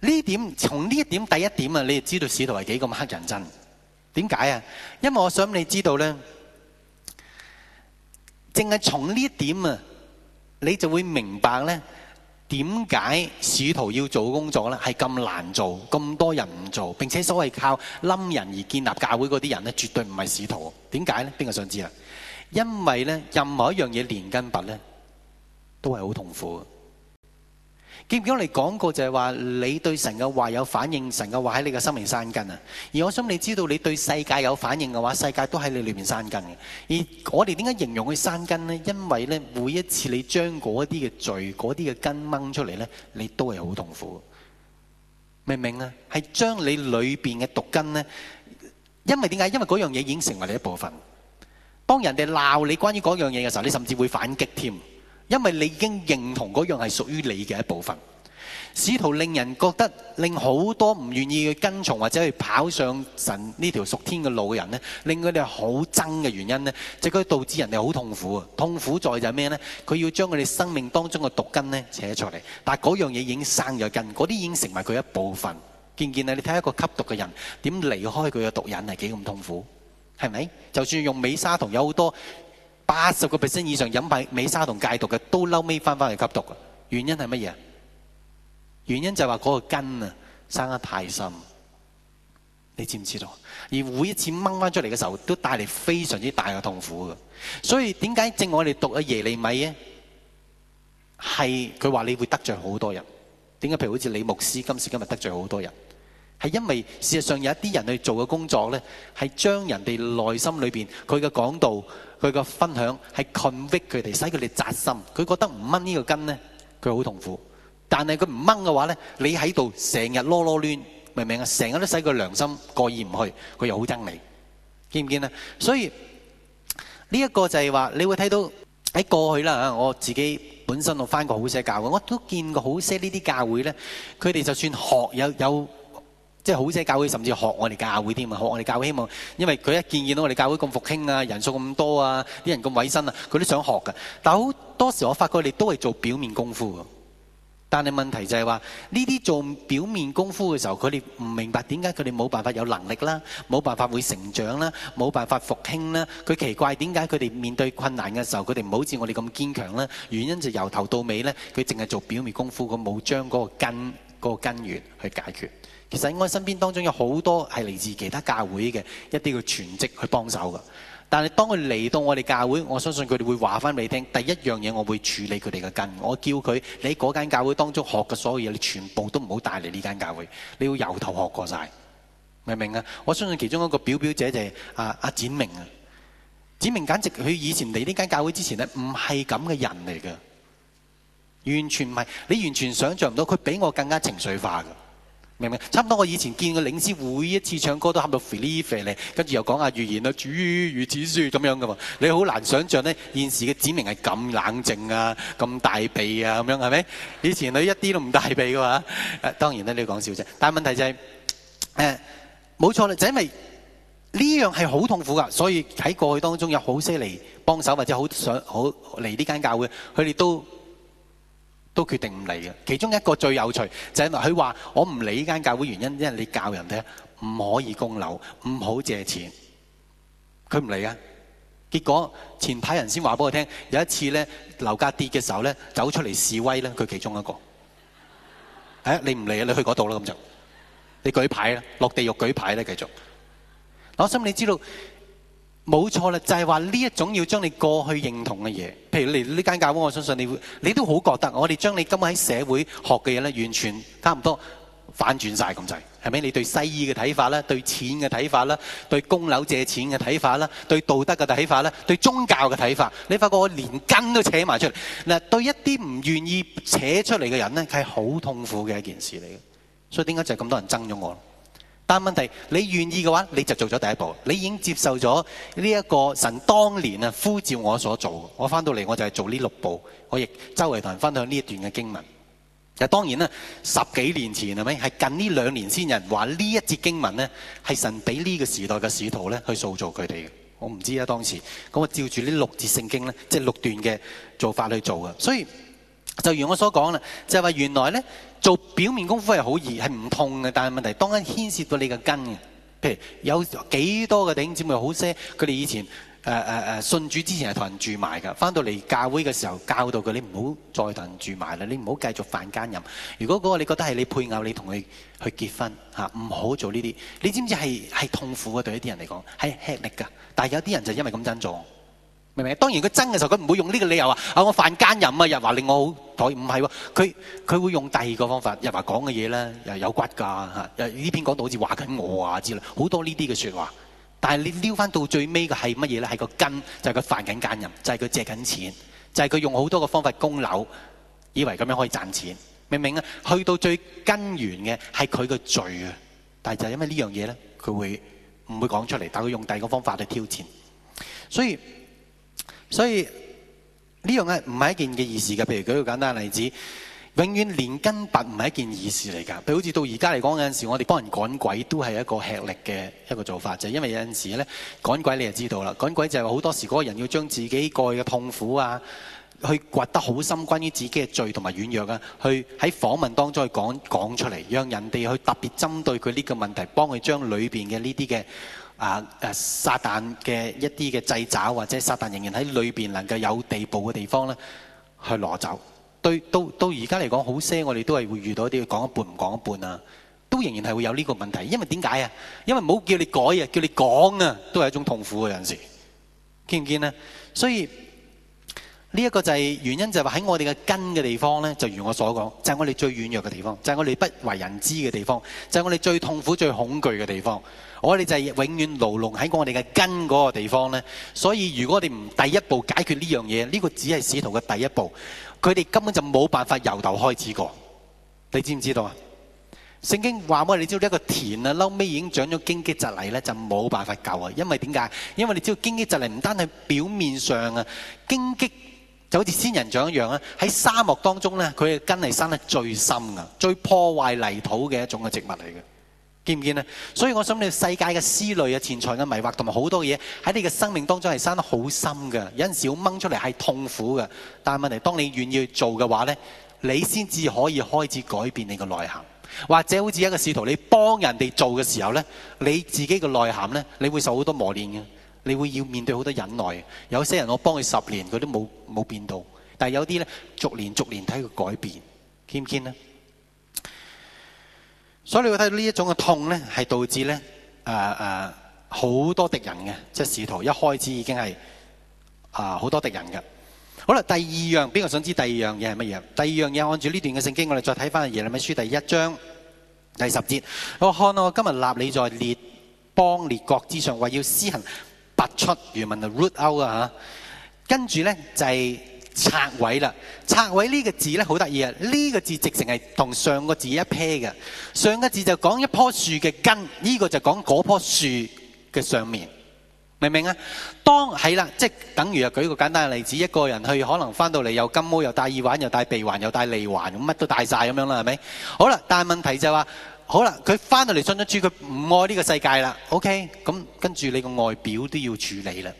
呢點從呢一點第一點啊，你哋知道使徒係幾咁黑人憎？點解啊？因為我想你知道呢。正係從呢一點啊，你就會明白咧點解使徒要做工作咧，係咁難做，咁多人唔做，並且所謂靠冧人而建立教會嗰啲人咧，絕對唔係使徒。點解咧？邊個想知啊？因為咧，任何一樣嘢連根拔咧，都係好痛苦嘅。記唔記得你講過就係話你對神嘅話有反應，神嘅話喺你嘅心靈生根啊！而我想你知道你對世界有反應嘅話，世界都喺你裏面生根嘅。而我哋點解形容佢生根咧？因為咧，每一次你將嗰啲嘅罪、嗰啲嘅根掹出嚟咧，你都係好痛苦。明唔明啊？係將你裏邊嘅毒根咧，因為點解？因為嗰樣嘢已經成為你一部分。當人哋鬧你關於嗰樣嘢嘅時候，你甚至會反擊添。因為你已經認同嗰樣係屬於你嘅一部分，使徒令人覺得令好多唔願意去跟從或者去跑上神呢條屬天嘅路嘅人咧，令佢哋好憎嘅原因咧，就係佢導致人哋好痛苦啊！痛苦在就係咩咧？佢要將佢哋生命當中嘅毒根咧扯出嚟，但係嗰樣嘢已經生咗根，嗰啲已經成為佢一部分。見唔見啊？你睇一個吸毒嘅人點離開佢嘅毒癮係幾咁痛苦，係咪？就算用美沙酮，有好多。八十個 percent 以上，飲埋美沙酮戒毒嘅，都嬲尾翻翻去吸毒嘅原因係乜嘢？原因就係話嗰個根啊生得太深，你知唔知道？而每一次掹翻出嚟嘅時候，都帶嚟非常之大嘅痛苦嘅。所以點解正我哋讀咗耶利米咧，係佢話你會得罪好多人，點解？譬如好似李牧師今時今日得罪好多人，係因為事實上有一啲人去做嘅工作咧，係將人哋內心裏邊佢嘅講道。佢個分享係困迫佢哋，使佢哋扎心。佢覺得唔掹呢個根咧，佢好痛苦。但係佢唔掹嘅話咧，你喺度成日囉囉攣，明唔明啊？成日都使佢良心過意唔去，佢又好憎你，見唔見啊？所以呢一個就係話，你會睇到喺過去啦啊！我自己本身我翻過好些教會，我都見過好些呢啲教會咧，佢哋就算學有有。即係好似教會，甚至學我哋教會添啊！學我哋教會，希望因為佢一見見到我哋教會咁復興啊，人數咁多啊，啲人咁委身啊，佢都想學㗎。但係好多時我發覺，你都係做表面功夫。但係問題就係話，呢啲做表面功夫嘅時候，佢哋唔明白點解佢哋冇辦法有能力啦，冇辦法會成長啦，冇辦法復興啦。佢奇怪點解佢哋面對困難嘅時候，佢哋唔好似我哋咁堅強啦？原因就由頭到尾呢，佢淨係做表面功夫，佢冇將嗰個根、嗰個根源去解決。其實我身邊當中有好多係嚟自其他教會嘅一啲嘅全職去幫手噶，但係當佢嚟到我哋教會，我相信佢哋會話翻俾你聽。第一樣嘢，我會處理佢哋嘅根。我叫佢你喺嗰間教會當中學嘅所有嘢，你全部都唔好帶嚟呢間教會。你要由頭學過晒，明唔明啊？我相信其中一個表表姐就係阿阿展明啊。展明簡直佢以前嚟呢間教會之前呢，唔係咁嘅人嚟噶，完全唔係。你完全想象唔到，佢比我更加情緒化噶。明唔明？差唔多我以前見個領詩，每一次唱歌都喊到肥呢肥呢，跟住又講下預言啦、主如此說咁樣噶喎。你好難想像呢，現時嘅子民係咁冷靜啊，咁大鼻啊，咁樣係咪？以前佢一啲都唔大鼻噶嘛。當當然呢，你要講笑啫。但係問題就係、是、誒，冇、呃、錯啦，就是、因為呢樣係好痛苦噶，所以喺過去當中有好些嚟幫手或者好想好嚟呢間教會，佢哋都。都決定唔嚟嘅，其中一個最有趣就係佢話：我唔嚟呢間教會原因，因為你教人哋唔可以供樓，唔好借錢。佢唔嚟啊。結果前排人先話俾我聽，有一次咧樓價跌嘅時候咧走出嚟示威咧，佢其中一個。誒、哎，你唔嚟啊？你去嗰度啦咁就，你舉牌啦，落地獄舉牌咧繼續。我心你知道。冇錯啦，就係話呢一種要將你過去認同嘅嘢，譬如你呢間教會，我相信你會你都好覺得我哋將你今日喺社會學嘅嘢咧，完全差唔多反轉晒咁滯，係咪？你對西醫嘅睇法啦，對錢嘅睇法啦，對供樓借錢嘅睇法啦，對道德嘅睇法啦，對宗教嘅睇法，你發覺我連根都扯埋出嚟嗱，對一啲唔願意扯出嚟嘅人咧，係好痛苦嘅一件事嚟嘅，所以點解就係咁多人憎咗我？啱問題，你願意嘅話，你就做咗第一步。你已經接受咗呢一個神當年啊呼召我所做。我翻到嚟我就係做呢六步。我亦周圍同人分享呢一段嘅經文。其實當然啦，十幾年前係咪係近呢兩年先人話呢一節經文呢係神俾呢個時代嘅使徒咧去塑造佢哋嘅。我唔知啊當時咁我照住呢六節聖經呢，即係六段嘅做法去做嘅。所以。就如我所講啦，就係、是、話原來咧做表面功夫係好易，係唔痛嘅。但係問題當間牽涉到你嘅根嘅，譬如有幾多嘅弟兄姊妹好些，佢哋以前誒誒誒信主之前係同人住埋㗎，翻到嚟教會嘅時候教到佢：你唔好再同人住埋啦，你唔好繼續犯奸淫。如果嗰個你覺得係你配偶，你同佢去結婚嚇，唔、啊、好做呢啲。你知唔知係係痛苦嘅對呢啲人嚟講係吃力㗎？但係有啲人就因為咁珍重。明唔明？當然佢爭嘅時候，佢唔會用呢個理由話：啊，我犯奸淫啊，又話令我好台。唔係喎，佢佢會用第二個方法，又話講嘅嘢咧，又有骨噶嚇。呢篇講到好似話緊我啊之類，好多呢啲嘅說話。但係你撩翻到最尾嘅係乜嘢咧？係個根，就係、是、佢犯緊奸淫，就係、是、佢借緊錢，就係、是、佢用好多個方法供樓，以為咁樣可以賺錢。明唔明啊？去到最根源嘅係佢個罪啊！但係就係因為呢樣嘢咧，佢會唔會講出嚟？但係佢用第二個方法去挑戰，所以。所以呢樣嘅唔係一件嘅易事嘅，譬如舉個簡單嘅例子，永遠連根拔唔係一件易事嚟㗎。譬如好似到而家嚟講有陣時，我哋幫人趕鬼都係一個吃力嘅一個做法，就係因為有陣時咧，趕鬼你就知道啦，趕鬼就係好多時嗰個人要將自己過去嘅痛苦啊，去掘得好深，關於自己嘅罪同埋軟弱啊，去喺訪問當中去講講出嚟，讓人哋去特別針對佢呢個問題，幫佢將裏面嘅呢啲嘅。啊！誒、啊、撒旦嘅一啲嘅掣肘，或者撒旦仍然喺裏邊能夠有地步嘅地方咧，去攞走，對，到到而家嚟講好些，我哋都係會遇到啲講一半唔講一半啊，都仍然係會有呢個問題，因為點解啊？因為冇叫你改啊，叫你講啊，都係一種痛苦嘅。有陣時，見唔見啊？所以。呢一個就係原因，就係喺我哋嘅根嘅地方呢，就如我所講，就係、是、我哋最軟弱嘅地方，就係、是、我哋不為人知嘅地方，就係、是、我哋最痛苦、最恐懼嘅地方。我哋就係永遠牢籠喺我哋嘅根嗰個地方呢，所以如果我哋唔第一步解決呢樣嘢，呢、這個只係使徒嘅第一步，佢哋根本就冇辦法由頭開始過。你知唔知道啊？聖經話我你知道呢個田啊，嬲尾已經長咗荊棘蒺藜呢，就冇辦法救啊！因為點解？因為你知道荊棘蒺藜唔單係表面上啊，荊棘。就好似仙人掌一樣啦，喺沙漠當中咧，佢嘅根係生得最深嘅，最破壞泥土嘅一種嘅植物嚟嘅，見唔見呢？所以我想，你世界嘅思慮啊、錢財嘅迷惑，同埋好多嘢喺你嘅生命當中係生得好深嘅，有陣時要掹出嚟係痛苦嘅。但係問題，當你願意去做嘅話呢，你先至可以開始改變你嘅內涵，或者好似一個使徒你幫人哋做嘅時候呢，你自己嘅內涵呢，你會受好多磨練嘅。你會要面對好多忍耐，有些人我幫佢十年佢都冇冇變到，但係有啲咧逐年逐年睇佢改變，見唔見咧？所以你會睇到這種痛呢一種嘅痛咧，係導致咧誒誒好多敵人嘅，即係使徒一開始已經係啊好多敵人嘅。好啦，第二樣，邊個想知道第二樣嘢係乜嘢？第二樣嘢按住呢段嘅聖經，我哋再睇翻耶利米書第一章第十節。我看我今日立你在列邦列國之上，為要施行。拔出原文就 root out 啊，跟住呢就係、是、拆位啦。拆位呢個字呢好得意啊，呢、這個字直情係同上個字一 pair 嘅。上個字就講一棵樹嘅根，呢、這個就講嗰棵樹嘅上面，明唔明啊？當係啦，即等於啊，舉個簡單嘅例子，一個人去可能翻到嚟又金毛，又戴耳環，又戴鼻環又帶環，又戴脷環，咁乜都戴晒咁樣啦，係咪？好啦，但係問題就話、是。好啦，佢翻到嚟信咗主，佢唔愛呢個世界啦。OK，咁跟住你個外表都要處理啦，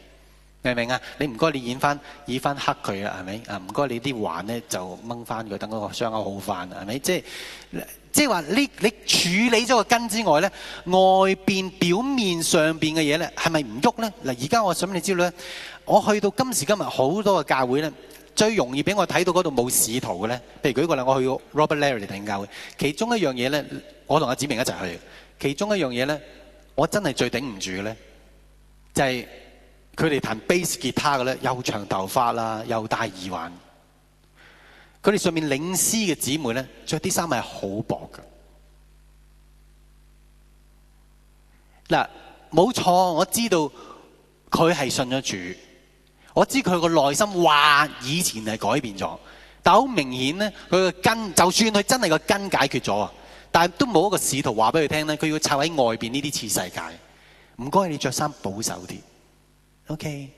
明唔明啊？你唔該你染翻，染翻黑佢啊，係咪啊？唔該你啲環咧就掹翻佢，等嗰個傷口好翻啊，係咪？即係即係話你你處理咗個根之外咧，外邊表面上邊嘅嘢咧，係咪唔喐咧？嗱，而家我想你知道咧，我去到今時今日，好多嘅教會咧，最容易俾我睇到嗰度冇使徒嘅咧，譬如舉個例，我去過 Robert Larry 定教會，其中一樣嘢咧。我同阿子明一齊去，其中一樣嘢咧，我真係最頂唔住嘅咧，就係佢哋彈 bass 吉他嘅咧，又長頭髮啦，又戴耳環。佢哋上面領詩嘅姊妹咧，着啲衫係好薄嘅。嗱，冇錯，我知道佢係信咗主，我知佢個內心話以前係改變咗，但好明顯咧，佢個根就算佢真係個根解決咗。但係都冇一個使徒話俾佢聽咧，佢要插喺外邊呢啲似世界。唔該，你着衫保守啲。OK，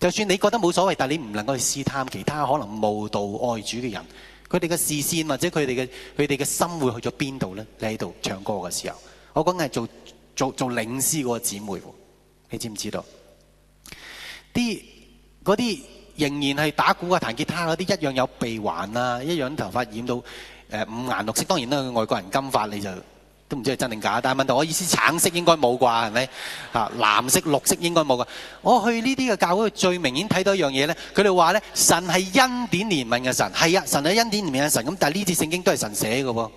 就算你覺得冇所謂，但係你唔能夠去試探其他可能誤導愛主嘅人。佢哋嘅視線或者佢哋嘅佢哋嘅心會去咗邊度咧？你喺度唱歌嘅時候，我講緊係做做做領詩嗰個姊妹，你知唔知道？啲嗰啲仍然係打鼓啊、彈吉他嗰啲，一樣有鼻環啊，一樣頭髮染到。誒五顏六色，當然啦，外國人金髮你就都唔知係真定假。但係問題，我意思橙色應該冇啩，係咪？嚇藍色、綠色應該冇㗎。我去呢啲嘅教會，最明顯睇到一樣嘢咧，佢哋話咧，神係恩典憐憫嘅神，係啊，神係恩典憐憫嘅神。咁但係呢次聖經都係神寫嘅喎，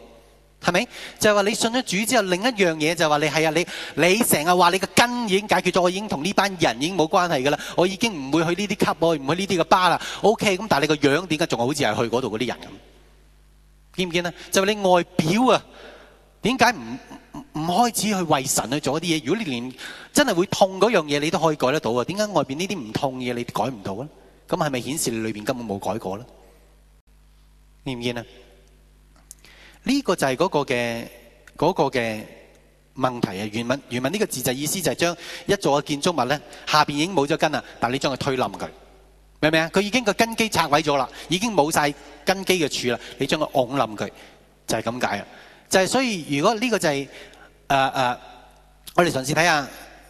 係咪？就係、是、話你信咗主之後，另一樣嘢就係話你係啊，你你成日話你個根已經解決咗，我已經同呢班人已經冇關係㗎啦，我已經唔會去呢啲級，唔去呢啲嘅巴啦。OK，咁但係你個樣點解仲係好似係去嗰度嗰啲人咁？見唔見咧？就係你外表啊，點解唔唔開始去為神去做一啲嘢？如果你連真係會痛嗰樣嘢，你都可以改得到啊！點解外邊呢啲唔痛嘅嘢你改唔到咧？咁係咪顯示你裏邊根本冇改過咧？見唔見啊？呢個就係嗰個嘅嗰個嘅問題啊！原文原文呢個字就意思就係將一座嘅建築物咧，下邊已經冇咗根啦，但你將佢推冧佢。明唔明啊？佢已經個根基拆毀咗啦，已經冇曬根基嘅柱啦。你將佢㧬冧佢，就係咁解啊！就係所以，如果呢個就係誒誒，我哋上次睇下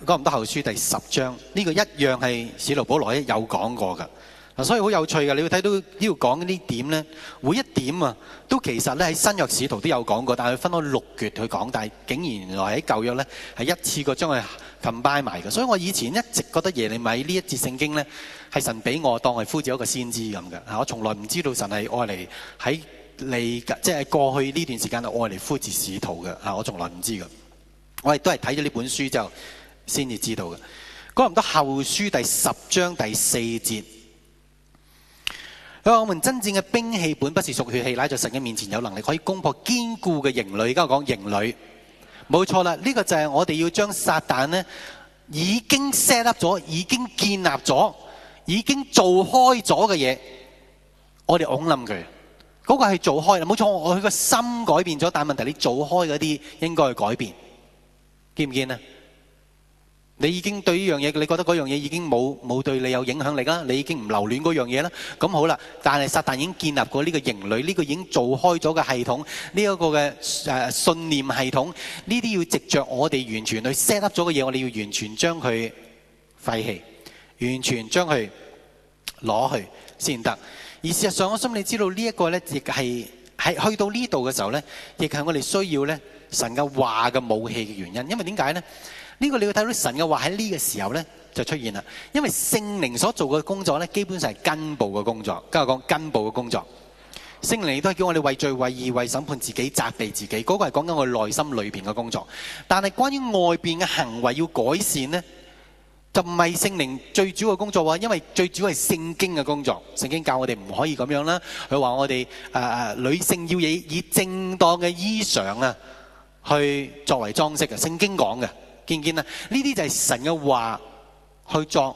《哥林多後書》第十章，呢個一樣係使徒保羅有講過噶嗱。所以好有趣嘅，你要睇到呢度講啲點咧，每一點啊，都其實咧喺新約使徒都有講過，但係佢分開六橛去講，但係竟然原來喺舊約咧係一次過將佢 combine 埋嘅。所以我以前一直覺得耶利米呢一節聖經咧。係神俾我當係呼召一個先知咁嘅吓，我從來唔知道神係愛嚟喺你即係、就是、過去呢段時間係愛嚟呼召使徒嘅吓，我從來唔知嘅。我哋都係睇咗呢本書之後先至知道嘅。哥林多後書第十章第四節，佢話，我們真正嘅兵器本不是屬血氣，乃在神嘅面前有能力可以攻破堅固嘅營壘。而家講營壘，冇錯啦，呢、這個就係我哋要將撒旦呢已經 set up 咗，已經建立咗。已經做開咗嘅嘢，我哋唔好諗佢，嗰個係做開啦，冇錯，我個心改變咗，但係問題你做開嗰啲應該去改變，見唔見啊？你已經對呢樣嘢，你覺得嗰樣嘢已經冇冇對你有影響力啦，你已經唔留戀嗰樣嘢啦，咁好啦，但係撒旦已經建立過呢個營壘，呢個已經做開咗嘅系統，呢一個嘅誒信念系統，呢啲要藉着我哋完全去 set up 咗嘅嘢，我哋要完全將佢廢棄。完全將佢攞去先得，而事實上我心你知道呢一個呢，亦係喺去到呢度嘅時候呢，亦係我哋需要呢神嘅話嘅武器嘅原因。因為點解呢？呢個你會睇到神嘅話喺呢個時候呢就出現啦。因為聖靈所做嘅工作呢，基本上係根部嘅工作。今日講根部嘅工作，聖靈都係叫我哋為罪、為義、為審判自己、責備自己。嗰個係講緊我內心裏邊嘅工作，但係關於外邊嘅行為要改善呢。就唔係聖靈最主要嘅工作啊，因為最主要係聖經嘅工作。聖經教我哋唔可以咁樣啦。佢話我哋，誒誒，女性要以以正當嘅衣裳啊，去作為裝飾嘅。聖經講嘅，見唔見啊？呢啲就係神嘅話，去作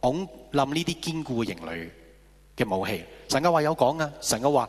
攻冧呢啲堅固營壘嘅武器。神嘅話有講啊，神嘅話。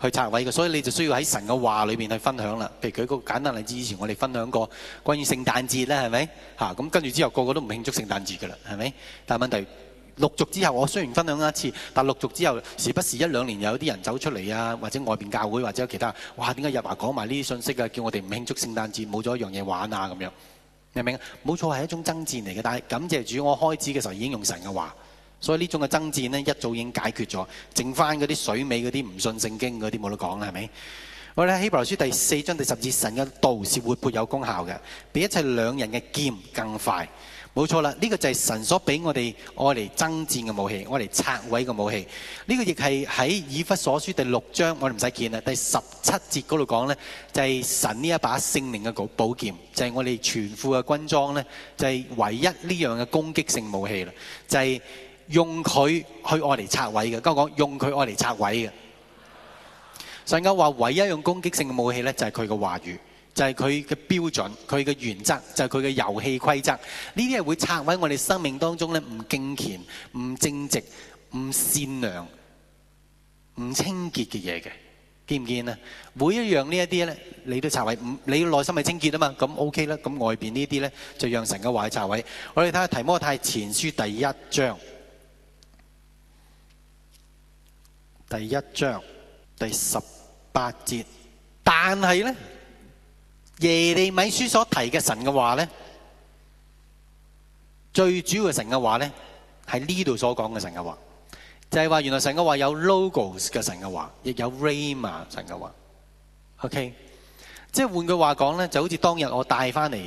去拆位嘅，所以你就需要喺神嘅話裏面去分享啦。譬如舉個簡單例子，以前我哋分享過關於聖誕節啦，係咪？吓、啊，咁跟住之後，個個都唔慶祝聖誕節㗎啦，係咪？但問題陸續之後，我雖然分享一次，但陸續之後時不時一兩年有啲人走出嚟啊，或者外邊教會或者其他，哇！點解日華講埋呢啲信息嘅、啊？叫我哋唔慶祝聖誕節，冇咗一樣嘢玩啊咁樣，明唔明？冇錯，係一種爭戰嚟嘅，但係感謝主，我開始嘅時候已經用神嘅話。所以呢種嘅爭戰呢，一早已經解決咗，剩翻嗰啲水尾嗰啲唔信聖經嗰啲冇得講啦，係咪？我哋喺希伯來書第四章第十節，神嘅道是活潑有功效嘅，比一切兩刃嘅劍更快。冇錯啦，呢個就係神所俾我哋愛嚟爭戰嘅武器，愛嚟拆毀嘅武器。呢個亦係喺以弗所書第六章我哋唔使見啦，第十七節嗰度講呢，就係神呢一把聖靈嘅寶劍，就係我哋全副嘅軍裝呢，就係唯一呢樣嘅攻擊性武器啦，就係。用佢去愛嚟拆毀嘅，就是、我講用佢愛嚟拆毀嘅。神家話，唯一用攻擊性嘅武器呢，就係佢嘅話語，就係佢嘅標準，佢嘅原則，就係佢嘅遊戲規則。呢啲係會拆毀我哋生命當中呢，唔敬虔、唔正直、唔善良、唔清潔嘅嘢嘅，見唔見啊？每一樣呢一啲呢，你都拆毀，唔，你內心係清潔啊嘛，咁 OK 啦。咁外邊呢啲呢，就讓神嘅話去拆毀。我哋睇下提摩太前書第一章。第一章第十八節，但係呢，耶利米書所提嘅神嘅話呢，最主要嘅神嘅話呢，係呢度所講嘅神嘅話，就係話原來神嘅話有 logos 嘅神嘅話，亦有 rama 神嘅話。OK，即係換句話講呢，就好似當日我帶翻嚟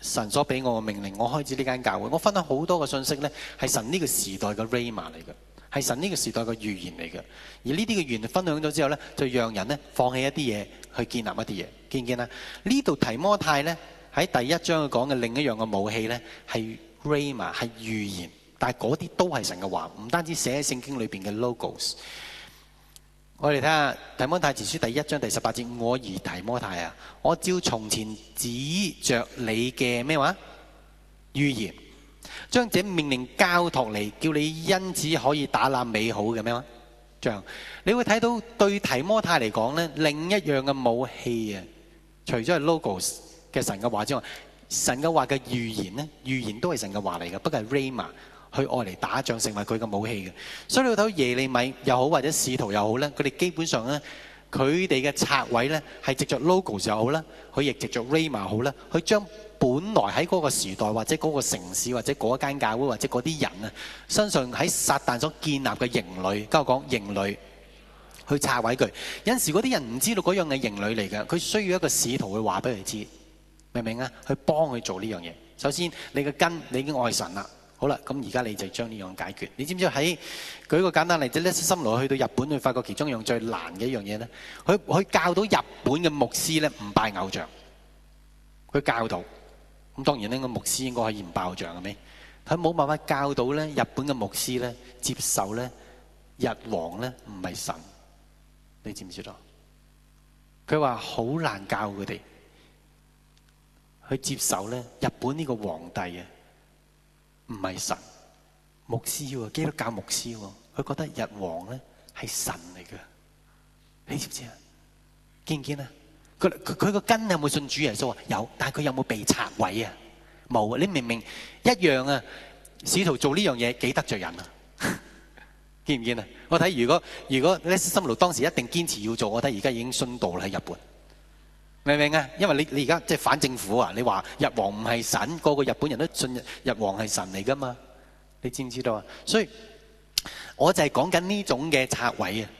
神所俾我嘅命令，我開始呢間教會，我分享好多嘅信息呢，係神呢個時代嘅 rama 嚟嘅。係神呢個時代嘅預言嚟嘅，而呢啲嘅預言分享咗之後呢，就讓人呢放棄一啲嘢，去建立一啲嘢，見唔見啊？呢度提摩太呢，喺第一章佢講嘅另一樣嘅武器呢，係 Rayma，係預言，但係嗰啲都係神嘅話，唔單止寫喺聖經裏邊嘅 logos。我哋睇下提摩太前書第一章第十八節，我兒提摩太啊，我照從前指着你嘅咩話預言。將這命令交託你，叫你因此可以打爛美好嘅咩仗？你會睇到對提摩太嚟講呢，另一樣嘅武器啊，除咗係 Logos 嘅神嘅話之外，神嘅話嘅預言呢，預言都係神嘅話嚟嘅，不過係 Rayma 去愛嚟打仗，成為佢嘅武器嘅。所以你睇到耶利米又好，或者使徒又好呢，佢哋基本上呢，佢哋嘅拆位呢係藉着 Logos 又好啦，佢亦藉着 Rayma 好啦，佢將。本來喺嗰個時代，或者嗰個城市，或者嗰間教會，或者嗰啲人啊，身上喺撒旦所建立嘅營壘，跟我講營壘去拆毀佢。有時嗰啲人唔知道嗰樣係營壘嚟嘅，佢需要一個使徒去話俾佢知，明唔明啊？去幫佢做呢樣嘢。首先你嘅根你已經愛神啦，好啦，咁而家你就將呢樣解決。你知唔知喺舉個簡單例子呢？心羅去到日本去法國，發覺其中一樣最難嘅一樣嘢呢？佢佢教到日本嘅牧師呢，唔拜偶像，佢教導。當然咧，個牧師應該係嫌爆仗嘅咩？佢冇辦法教到咧，日本嘅牧師咧接受咧，日皇咧唔係神，你知唔知道？佢話好難教佢哋去接受咧，日本呢個皇帝啊唔係神，牧師喎，基督教牧師喎，佢覺得日皇咧係神嚟嘅，你知唔知啊？見唔見啊？佢佢佢個根有冇信主耶穌啊？有，但係佢有冇被拆毀啊？冇。你明唔明一樣啊，使徒做呢樣嘢幾得罪人啊？見唔見啊？我睇如果如果呢心路當時一定堅持要做，我睇而家已經殉道啦喺日本，明唔明啊？因為你你而家即係反政府啊！你話日皇唔係神，個個日本人都信日日皇係神嚟㗎嘛？你知唔知道啊？所以我就係講緊呢種嘅拆毀啊！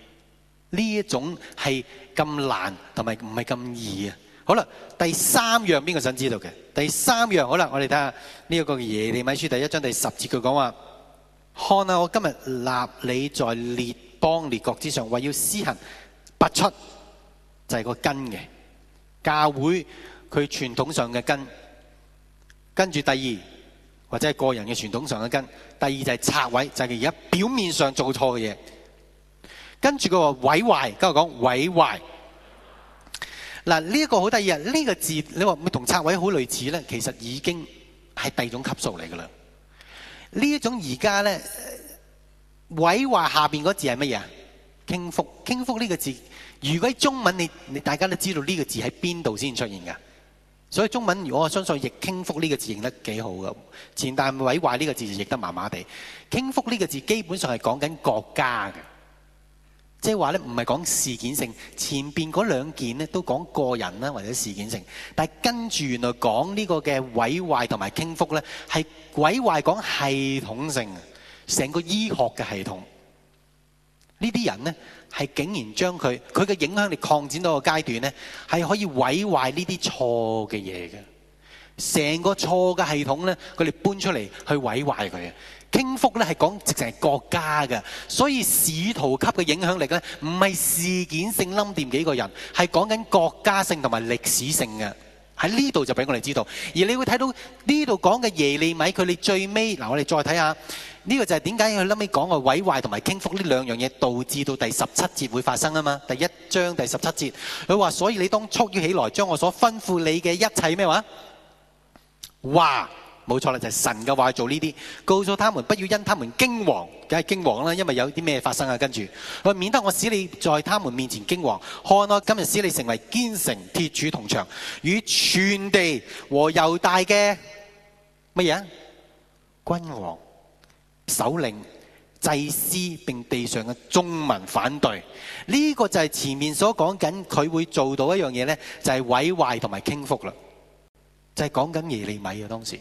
呢一種係咁難同埋唔係咁易啊！好啦，第三樣邊個想知道嘅？第三樣，好啦，我哋睇下呢一個嘅耶利米書第一章第十節佢講話：看啊，我今日立你在列邦列國之上，為要施行拔出就係、是、個根嘅教會佢傳統上嘅根。跟住第二或者係個人嘅傳統上嘅根。第二就係拆毀，就係佢而家表面上做錯嘅嘢。跟住佢話毀壞，跟住講毀壞。嗱，呢一個好得意啊！呢個字你話咪同拆毀好類似咧，其實已經係第二種級數嚟噶啦。呢一種而家咧，毀壞下面嗰字係乜嘢啊？傾覆，傾覆呢個字，如果中文你你大家都知道呢個字喺邊度先出現噶。所以中文如果我相信亦譯傾覆呢個字譯得幾好㗎。前旦毀壞呢個字就譯得麻麻地。傾覆呢個字基本上係講緊國家嘅。即係話咧，唔係講事件性，前邊嗰兩件咧都講個人啦，或者事件性。但係跟住原來講呢個嘅毀壞同埋傾覆咧，係毀壞講系統性，成個醫學嘅系統。呢啲人咧係竟然將佢，佢嘅影響力擴展到個階段咧，係可以毀壞呢啲錯嘅嘢嘅，成個錯嘅系統咧，佢哋搬出嚟去毀壞佢。傾覆咧係講直情係國家嘅，所以使徒級嘅影響力咧唔係事件性冧掂幾個人，係講緊國家性同埋歷史性嘅。喺呢度就俾我哋知道，而你會睇到呢度講嘅耶利米佢哋最尾嗱，我哋再睇下呢個就係點解佢冧尾講個毀壞同埋傾覆呢兩樣嘢導致到第十七節會發生啊嘛？第一章第十七節佢話，所以你當束腰起來，將我所吩咐你嘅一切咩話話。冇錯啦，就係、神嘅話做呢啲，告訴他們不要因他們驚惶，梗係驚惶啦，因為有啲咩發生啊。跟住，佢免得我使你在他們面前驚惶，看我今日使你成為堅城鐵柱銅牆，與全地和猶大嘅乜嘢君王、首領、祭司，並地上嘅眾民反對。呢、這個就係前面所講緊，佢會做到一樣嘢呢，就係、是、毀壞同埋傾覆啦，就係講緊耶利米啊，當時。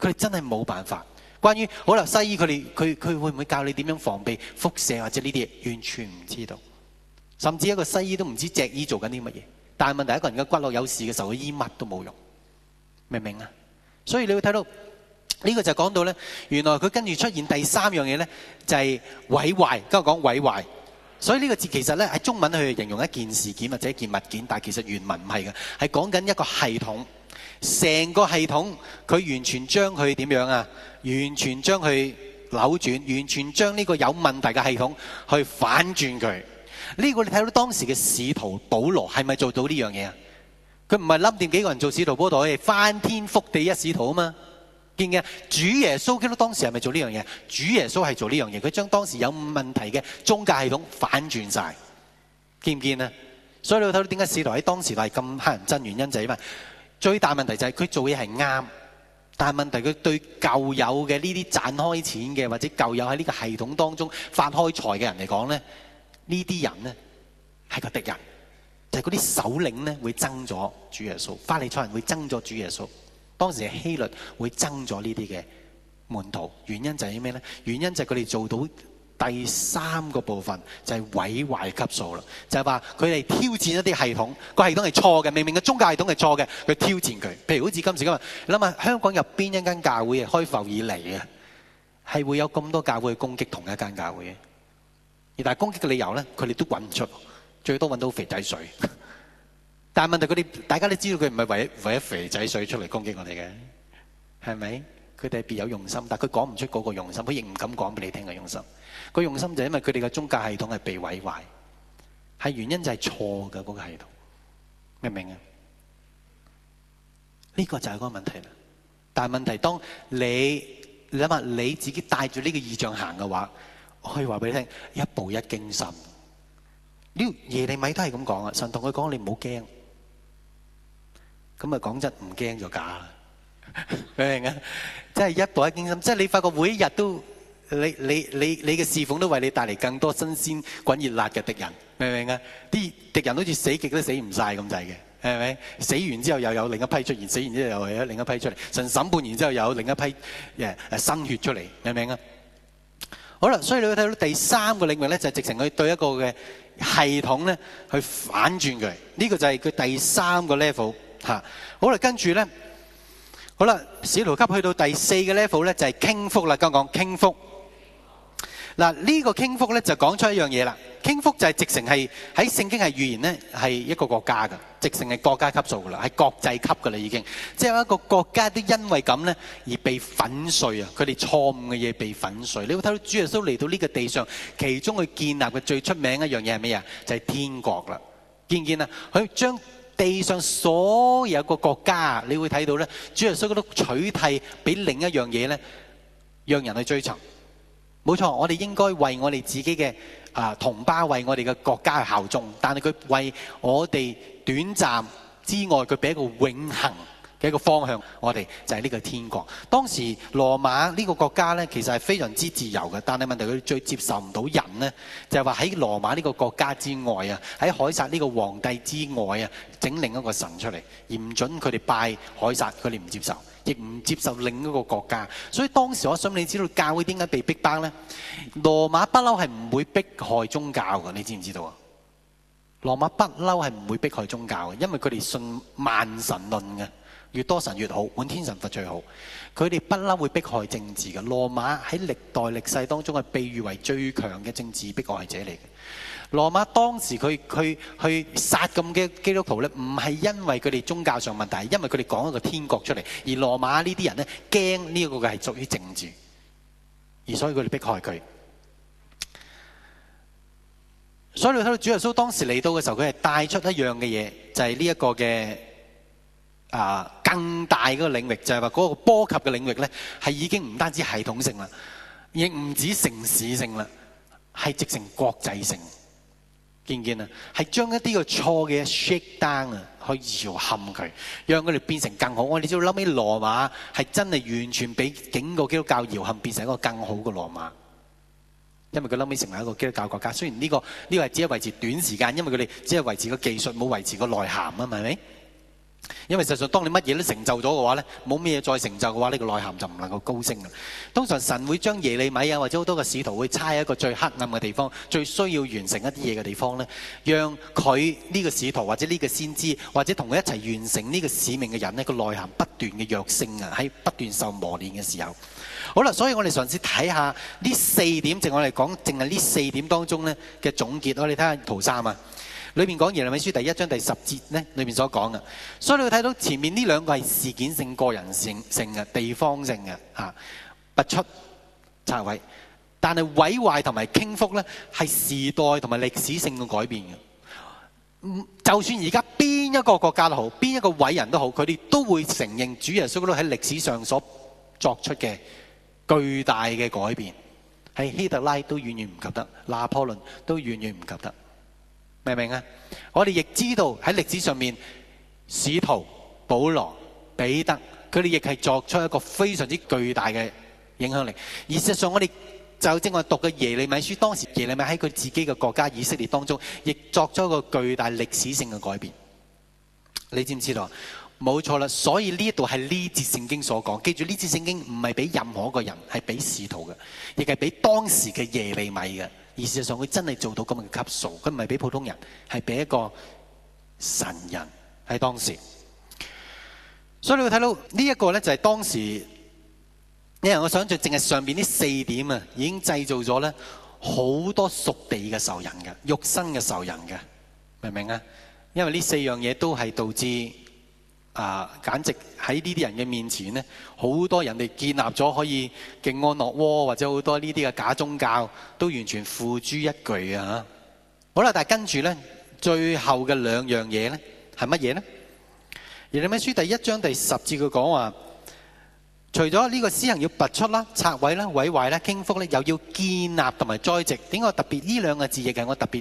佢哋真係冇辦法。關於好啦，西醫佢哋佢佢會唔會教你點樣防備輻射或者呢啲嘢？完全唔知道。甚至一個西醫都唔知脊醫做緊啲乜嘢。但係問題一個人嘅骨骼有事嘅時候，佢醫乜都冇用，明唔明啊？所以你會睇到呢、呢個就講到呢。原來佢跟住出現第三樣嘢呢，就係、是、毀壞。今日講毀壞。所以呢個字其實呢，喺中文去形容一件事件或者、就是、一件物件，但係其實原文唔係嘅，係講緊一個系統。成個系統，佢完全將佢點樣啊？完全將佢扭轉，完全將呢個有問題嘅系統去反轉佢。呢個你睇到當時嘅使徒保羅係咪做到呢樣嘢啊？佢唔係冧掂幾個人做使徒保羅，係翻天覆地一使徒啊嘛？見唔見啊？主耶穌基督當時係咪做呢樣嘢？主耶穌係做呢樣嘢，佢將當時有問題嘅宗教系統反轉晒，見唔見啊？所以你睇到點解使徒喺當時係咁黑人憎，原因就係因為最大問題就係佢做嘢係啱，但係問題佢對舊有嘅呢啲賺開錢嘅，或者舊有喺呢個系統當中發開財嘅人嚟講呢，呢啲人呢係個敵人，就係嗰啲首領呢會憎咗主耶穌，法利賽人會憎咗主耶穌，當時嘅希律會憎咗呢啲嘅門徒，原因就係咩呢？原因就係佢哋做到。第三個部分就係毀壞級數啦，就係話佢哋挑戰一啲系統，個系統係錯嘅，明明個宗教系統係錯嘅，佢挑戰佢。譬如好似今時今日，你諗下香港入邊一間教會啊，開埠以嚟啊，係會有咁多教會去攻擊同一間教會嘅，而但係攻擊嘅理由咧，佢哋都揾唔出，最多揾到肥仔水。但係問題是，佢哋大家都知道佢唔係為咗肥仔水出嚟攻擊我哋嘅，係咪？佢哋係別有用心，但係佢講唔出嗰個用心，佢亦唔敢講俾你聽嘅用心。佢用心就係因為佢哋嘅宗教系統係被毀壞，係原因就係錯嘅嗰個系統，明唔明啊？呢個就係嗰個問題啦。但係問題，當你你諗下你自己帶住呢個意象行嘅話，我可以話俾你聽，一步一驚心。呢耶利米都係咁講啊！神同佢講，你唔好驚，咁啊講真唔驚就假啦，明唔明啊？即係一步一驚心，即係你發覺每一日都。你你你你嘅侍奉都為你帶嚟更多新鮮滾熱辣嘅敵人，明唔明啊？啲敵人好似死極都死唔曬咁滯嘅，係咪？死完之後又有另一批出現，死完之後又有另一批出嚟，神審判完之後又有另一批誒誒新血出嚟，明唔明啊？好啦，所以你睇到第三個領域咧，就係直情去對一個嘅系統咧去反轉佢，呢個就係佢第三個 level 嚇。好啦，跟住咧，好啦，使徒級去到第四個 level 咧，就係傾覆啦，剛講傾覆。嗱，呢個傾覆咧就講出一樣嘢啦。傾覆就係直情係喺聖經係預言咧，係一個國家噶，直情係國家級數噶啦，係國際級噶啦已經。即係一個國家都因為咁咧而被粉碎啊！佢哋錯誤嘅嘢被粉碎。你會睇到主耶穌嚟到呢個地上，其中佢建立嘅最出名一樣嘢係咩啊？就係天國啦。見唔見啊？佢將地上所有個國家，你會睇到咧，主耶穌都取替俾另一樣嘢咧，讓人去追尋。冇錯，我哋應該為我哋自己嘅啊、呃、同胞，為我哋嘅國家效忠。但係佢為我哋短暫之外，佢俾一個永恆嘅一個方向。我哋就係呢個天國。當時羅馬呢個國家呢，其實係非常之自由嘅，但係問題佢最接受唔到人呢，就係話喺羅馬呢個國家之外啊，喺凱撒呢個皇帝之外啊，整另一個神出嚟，嚴準佢哋拜凱撒，佢哋唔接受。亦唔接受另一個國家，所以當時我想你知道教會點解被逼巴呢？羅馬不嬲係唔會迫害宗教嘅，你知唔知道啊？羅馬不嬲係唔會迫害宗教嘅，因為佢哋信萬神論嘅，越多神越好，滿天神佛最好。佢哋不嬲會迫害政治嘅，羅馬喺歷代歷世當中係被譽為最強嘅政治迫害者嚟嘅。羅馬當時佢佢去殺咁嘅基督徒咧，唔係因為佢哋宗教上問題，係因為佢哋講一個天國出嚟，而羅馬呢啲人呢，驚呢個嘅係屬於政治，而所以佢哋迫害佢。所以你睇到主耶穌當時嚟到嘅時候，佢係帶出一樣嘅嘢，就係呢一個嘅啊更大個領域，就係話嗰個波及嘅領域咧係已經唔單止系統性啦，亦唔止城市性啦，係直成國際性。見見啊，係將一啲個錯嘅 shake down 啊，去搖撼佢，讓佢哋變成更好。我哋知道，後尾羅馬係真係完全俾整個基督教搖撼，變成一個更好嘅羅馬。因為佢後尾成為一個基督教國家。雖然呢個呢個係只係維持短時間，因為佢哋只係維持個技術，冇維持個內涵啊，係咪？因為事實上，當你乜嘢都成就咗嘅話呢，冇咩嘢再成就嘅話，呢個內涵就唔能夠高升啦。通常神會將耶利米啊，或者好多嘅使徒會差喺一個最黑暗嘅地方，最需要完成一啲嘢嘅地方呢讓佢呢個使徒或者呢個先知，或者同佢一齊完成呢個使命嘅人呢個內涵不斷嘅躍升啊，喺不斷受磨練嘅時候。好啦，所以我哋上次睇下呢四點，淨我哋講淨係呢四點當中呢嘅總結，我哋睇下圖三啊。裏面講《耶利米書》第一章第十節呢，裏面所講嘅，所以你會睇到前面呢兩個係事件性、個人性、性嘅地方性嘅，吓拔出拆毀，但係毀壞同埋傾覆呢，係時代同埋歷史性嘅改變嘅。就算而家邊一個國家都好，邊一個偉人都好，佢哋都會承認主耶穌基督喺歷史上所作出嘅巨大嘅改變，係希特拉都遠遠唔及得，拿破崙都遠遠唔及得。明唔明啊？我哋亦知道喺歷史上面，使徒、保羅、彼得，佢哋亦係作出一個非常之巨大嘅影響力。而事實上，我哋就正話讀嘅耶利米書，當時耶利米喺佢自己嘅國家以色列當中，亦作出一個巨大歷史性嘅改變。你知唔知道？冇錯啦，所以呢一度係呢節聖經所講。記住呢節聖經唔係俾任何一個人，係俾使徒嘅，亦係俾當時嘅耶利米嘅。而事實上，佢真係做到咁嘅級數，佢唔係俾普通人，係俾一個神人喺當時。所以你會睇到呢一個咧，就係當時，因為我想象淨係上邊呢四點啊，已經製造咗咧好多屬地嘅仇人嘅，肉身嘅仇人嘅，明唔明啊？因為呢四樣嘢都係導致。啊！簡直喺呢啲人嘅面前呢，好多人哋建立咗可以敬安樂窩，或者好多呢啲嘅假宗教，都完全付諸一炬啊！好啦，但係跟住呢，最後嘅兩樣嘢呢係乜嘢呢？耶利米書第一章第十節佢講話，除咗呢個施行要拔出啦、拆毀啦、毀壞啦、傾覆呢，又要建立同埋栽植。點解特別呢兩個字嘅？我特別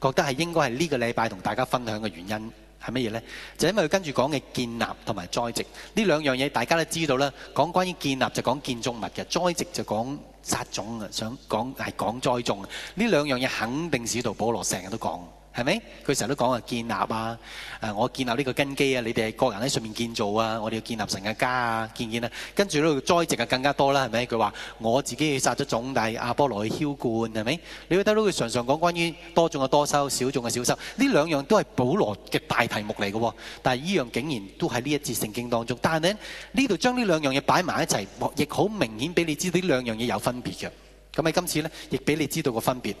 覺得係應該係呢個禮拜同大家分享嘅原因。係乜嘢咧？就是、因為佢跟住講嘅建立同埋栽植呢兩樣嘢，大家都知道啦。講關於建立就講建築物嘅，栽植就講撒種啊。想講係講栽種呢兩樣嘢，肯定使徒保羅成日都講。係咪？佢成日都講話，建立啊，誒，我建立呢個根基啊，你哋係個人喺上面建造啊，我哋要建立神嘅家啊，建建啊，跟住呢度栽植啊，更加多啦，係咪？佢話我自己去撒咗種，但係阿波羅去澆灌，係咪？你會睇到佢常常講關於多種嘅多收，少種嘅少收，呢兩樣都係保羅嘅大題目嚟嘅，但係呢樣竟然都喺呢一節聖經當中。但係呢呢度將呢兩樣嘢擺埋一齊，亦好明顯俾你知道呢兩樣嘢有分別嘅。咁喺今次咧，亦俾你知道個分別。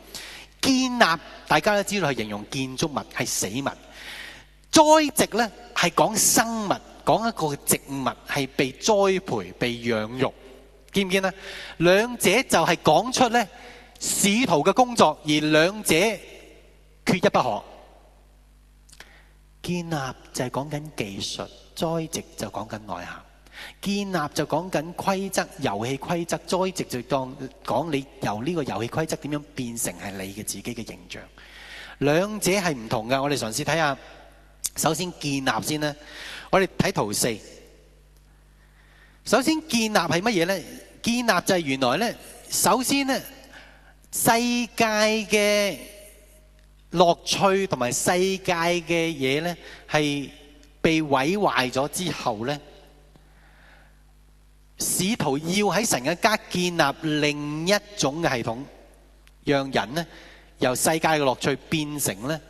建立大家都知道係形容建築物係死物，栽植咧係講生物，講一個植物係被栽培、被養育，見唔見啊？兩者就係講出咧使徒嘅工作，而兩者缺一不可。建立就係講緊技術，栽植就講緊內涵。建立就講緊規則、遊戲規則；栽植就當講，講你由呢個遊戲規則點樣變成係你嘅自己嘅形象。兩者係唔同嘅。我哋嘗試睇下，首先建立先啦。我哋睇圖四。首先建立係乜嘢呢？建立就係原來呢。首先呢，世界嘅樂趣同埋世界嘅嘢呢，係被毀壞咗之後呢。使徒要喺神嘅家建立另一種嘅系統，讓人咧由世界嘅樂趣變成咧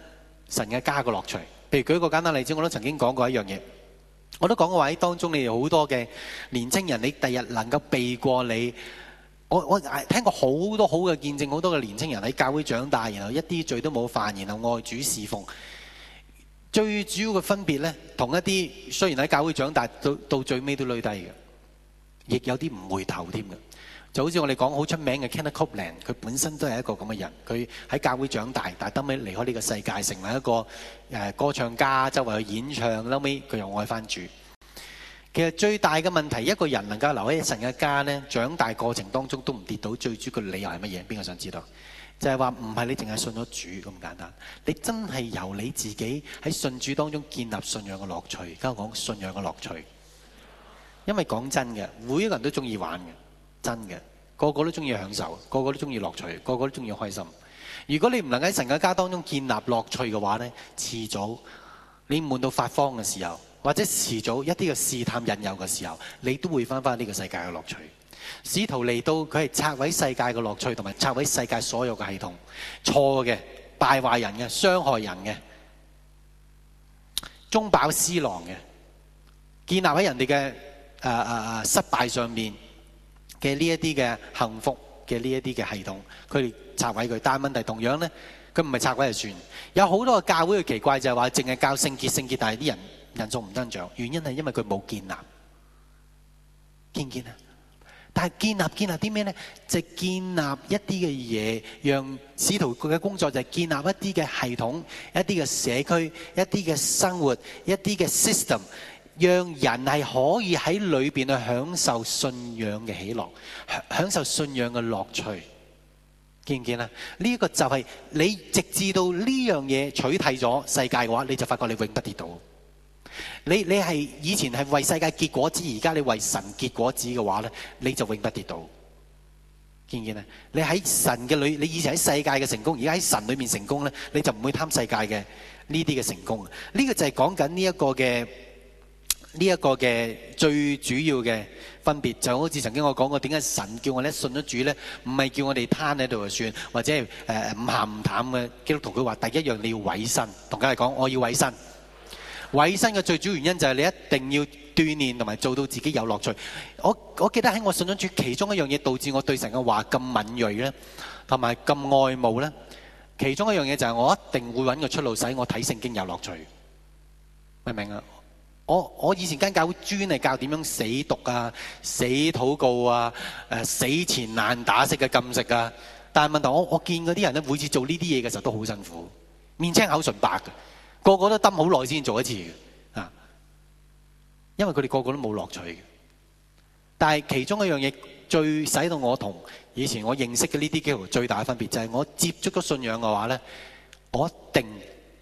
神嘅家嘅樂趣。譬如舉個簡單例子，我都曾經講過一樣嘢，我都講過話喺當中，你哋好多嘅年青人，你第日能夠避過你，我我聽過好多好嘅見證，好多嘅年青人喺教會長大，然後一啲罪都冇犯，然後愛主侍奉。最主要嘅分別咧，同一啲雖然喺教會長大，到到最尾都攣低嘅。亦有啲唔回頭添嘅，就好似我哋講好出名嘅 Kenneth Copeland，佢本身都係一個咁嘅人，佢喺教會長大，但係等尾離開呢個世界，成為一個歌唱家，周圍去演唱，後尾佢又愛返主。其實最大嘅問題，一個人能夠留喺神嘅家呢，長大過程當中都唔跌倒。最主要嘅理由係乜嘢？邊個想知道？就係話唔係你淨係信咗主咁簡單，你真係由你自己喺信主當中建立信仰嘅樂趣。而家講信仰嘅樂趣。因為講真嘅，每一個人都中意玩嘅，真嘅，個個都中意享受，個個都中意樂趣，個個都中意開心。如果你唔能夠喺神嘅家當中建立樂趣嘅話呢，遲早你悶到發慌嘅時候，或者遲早一啲嘅試探引誘嘅時候，你都會返返呢個世界嘅樂趣。使徒嚟到，佢係拆毀世界嘅樂趣，同埋拆毀世界所有嘅系統，錯嘅、敗壞人嘅、傷害人嘅、中飽私囊嘅，建立喺人哋嘅。誒誒誒，失敗上面嘅呢一啲嘅幸福嘅呢一啲嘅系統，佢哋拆毀佢。但係問題同樣咧，佢唔係拆毀就算。有好多嘅教會，佢奇怪就係話，淨係教聖潔聖潔，但係啲人人數唔增長。原因係因為佢冇建立，建建啊！但係建立建立啲咩咧？就建立一啲嘅嘢，讓使徒佢嘅工作就係建立一啲嘅系統、一啲嘅社區、一啲嘅生活、一啲嘅 system。讓人係可以喺裏邊去享受信仰嘅喜樂，享受信仰嘅樂趣，見唔見啊？呢一個就係你直至到呢樣嘢取替咗世界嘅話，你就發覺你永不跌倒。你你係以前係為世界結果子，而家你為神結果子嘅話咧，你就永不跌倒。見唔見啊？你喺神嘅裏，你以前喺世界嘅成功，而家喺神裏面成功咧，你就唔會貪世界嘅呢啲嘅成功。呢個就係講緊呢一個嘅。呢一個嘅最主要嘅分別，就好似曾經我講過，點解神叫我咧信咗主咧，唔係叫我哋攤喺度就算，或者係誒唔鹹唔淡嘅。基督徒同佢話：第一樣你要委身，同佢哋講，我要委身。委身嘅最主要原因就係你一定要鍛鍊同埋做到自己有樂趣。我我記得喺我信咗主，其中一樣嘢導致我對神嘅話咁敏鋭咧，同埋咁愛慕咧。其中一樣嘢就係我一定會揾個出路，使我睇聖經有樂趣。明唔明啊？我我以前間教會專係教點樣死讀啊、死禱告啊、誒、呃、死纏爛打式嘅禁食啊，但係問題我我見嗰啲人咧，每次做呢啲嘢嘅時候都好辛苦，面青口唇白嘅，個個都蹲好耐先做一次嘅啊，因為佢哋個個都冇樂趣。但係其中一樣嘢最使到我同以前我認識嘅呢啲基督徒最大嘅分別就係、是，我接觸咗信仰嘅話咧，我一定。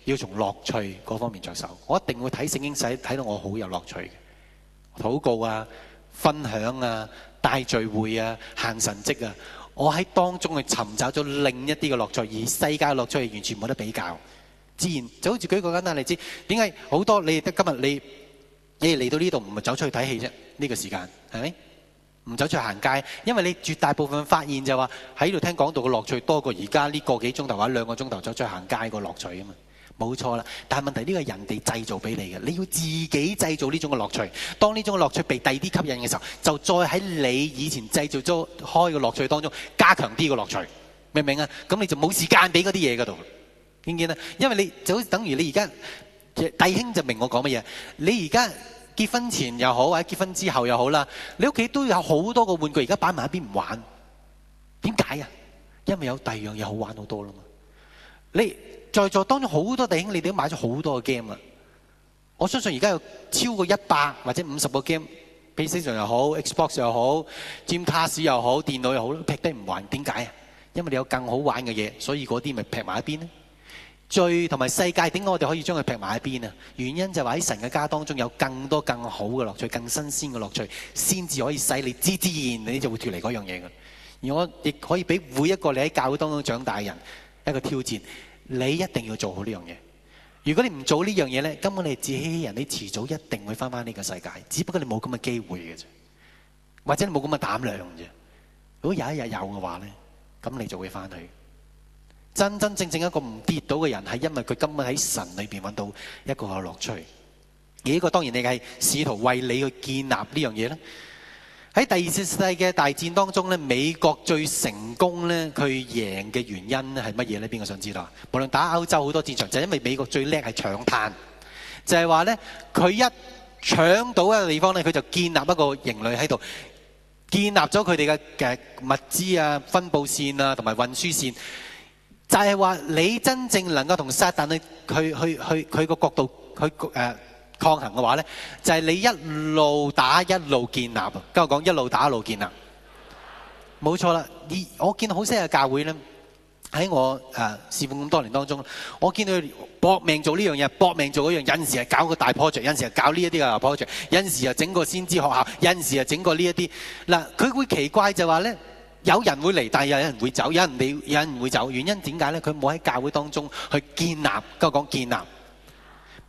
要從樂趣嗰方面着手，我一定會睇聖經，使睇到我好有樂趣嘅禱告啊、分享啊、大聚會啊、行神蹟啊。我喺當中去尋找咗另一啲嘅樂趣，而世界嘅樂趣完全冇得比較。自然就好似舉個簡單例子，點解好多你哋今日你哋嚟到呢度，唔係走出去睇戲啫？呢、呢個時間係咪唔走出去行街？因為你絕大部分發現就話喺度聽講道嘅樂趣多過而家呢個幾鐘頭或者兩個鐘頭走出去行街個樂趣啊嘛。冇錯啦，但係問題呢個人哋製造俾你嘅，你要自己製造呢種嘅樂趣。當呢種嘅樂趣被第二啲吸引嘅時候，就再喺你以前製造咗開嘅樂趣當中加強啲嘅樂趣，明唔明啊？咁你就冇時間俾嗰啲嘢嗰度，見唔見？因為你就好等於你而家弟兄就明我講乜嘢。你而家結婚前又好，或者結婚之後又好啦，你屋企都有好多個玩具，而家擺埋一邊唔玩，點解啊？因為有第二樣嘢好玩好多啦嘛，你。在座當中好多弟兄，你哋都買咗好多個 game 啦。我相信而家有超過一百或者五十個 game，Steam 又好，Xbox 又好，尖卡士又好，電腦又好，劈低唔玩點解啊？因為你有更好玩嘅嘢，所以嗰啲咪劈埋一邊呢。最同埋世界點解我哋可以將佢劈埋一邊啊？原因就係喺神嘅家當中有更多更好嘅樂趣，更新鮮嘅樂趣，先至可以使你自然你就會脱離嗰樣嘢嘅。而我亦可以俾每一個你喺教會當中長大嘅人一個挑戰。你一定要做好呢樣嘢。如果你唔做呢樣嘢呢，根本你自欺欺人，你遲早一定會翻翻呢個世界，只不過你冇咁嘅機會嘅啫，或者你冇咁嘅膽量嘅啫。如果有一日有嘅話呢，咁你就會翻去。真真正正一個唔跌倒嘅人，係因為佢根本喺神裏邊揾到一個嘅樂趣。而、這、呢個當然你係試圖為你去建立呢樣嘢呢。喺第二次世界嘅大戰當中咧，美國最成功咧，佢贏嘅原因係乜嘢咧？邊個想知道啊？無論打歐洲好多戰場，就係、是、因為美國最叻係搶灘，就係話咧，佢一搶到一個地方咧，佢就建立一個營壘喺度，建立咗佢哋嘅嘅物資啊、分佈線啊同埋運輸線，就係、是、話你真正能夠同撒但去去去佢個角度，佢誒。啊抗衡嘅話咧，就係你一路打一路建立，跟我講一路打一路建立，冇錯啦。而我見到佢好些嘅教會咧，喺我誒事奉咁多年當中，我見到搏命做呢樣嘢，搏命做嗰樣，有時係搞個大 project，有時係搞呢一啲嘅 project，有時又整個先知學校，有時又整個呢一啲。嗱，佢會奇怪就話咧，有人會嚟，但係有人會走，有人嚟，有人會走。原因點解咧？佢冇喺教會當中去建立，跟我講建立。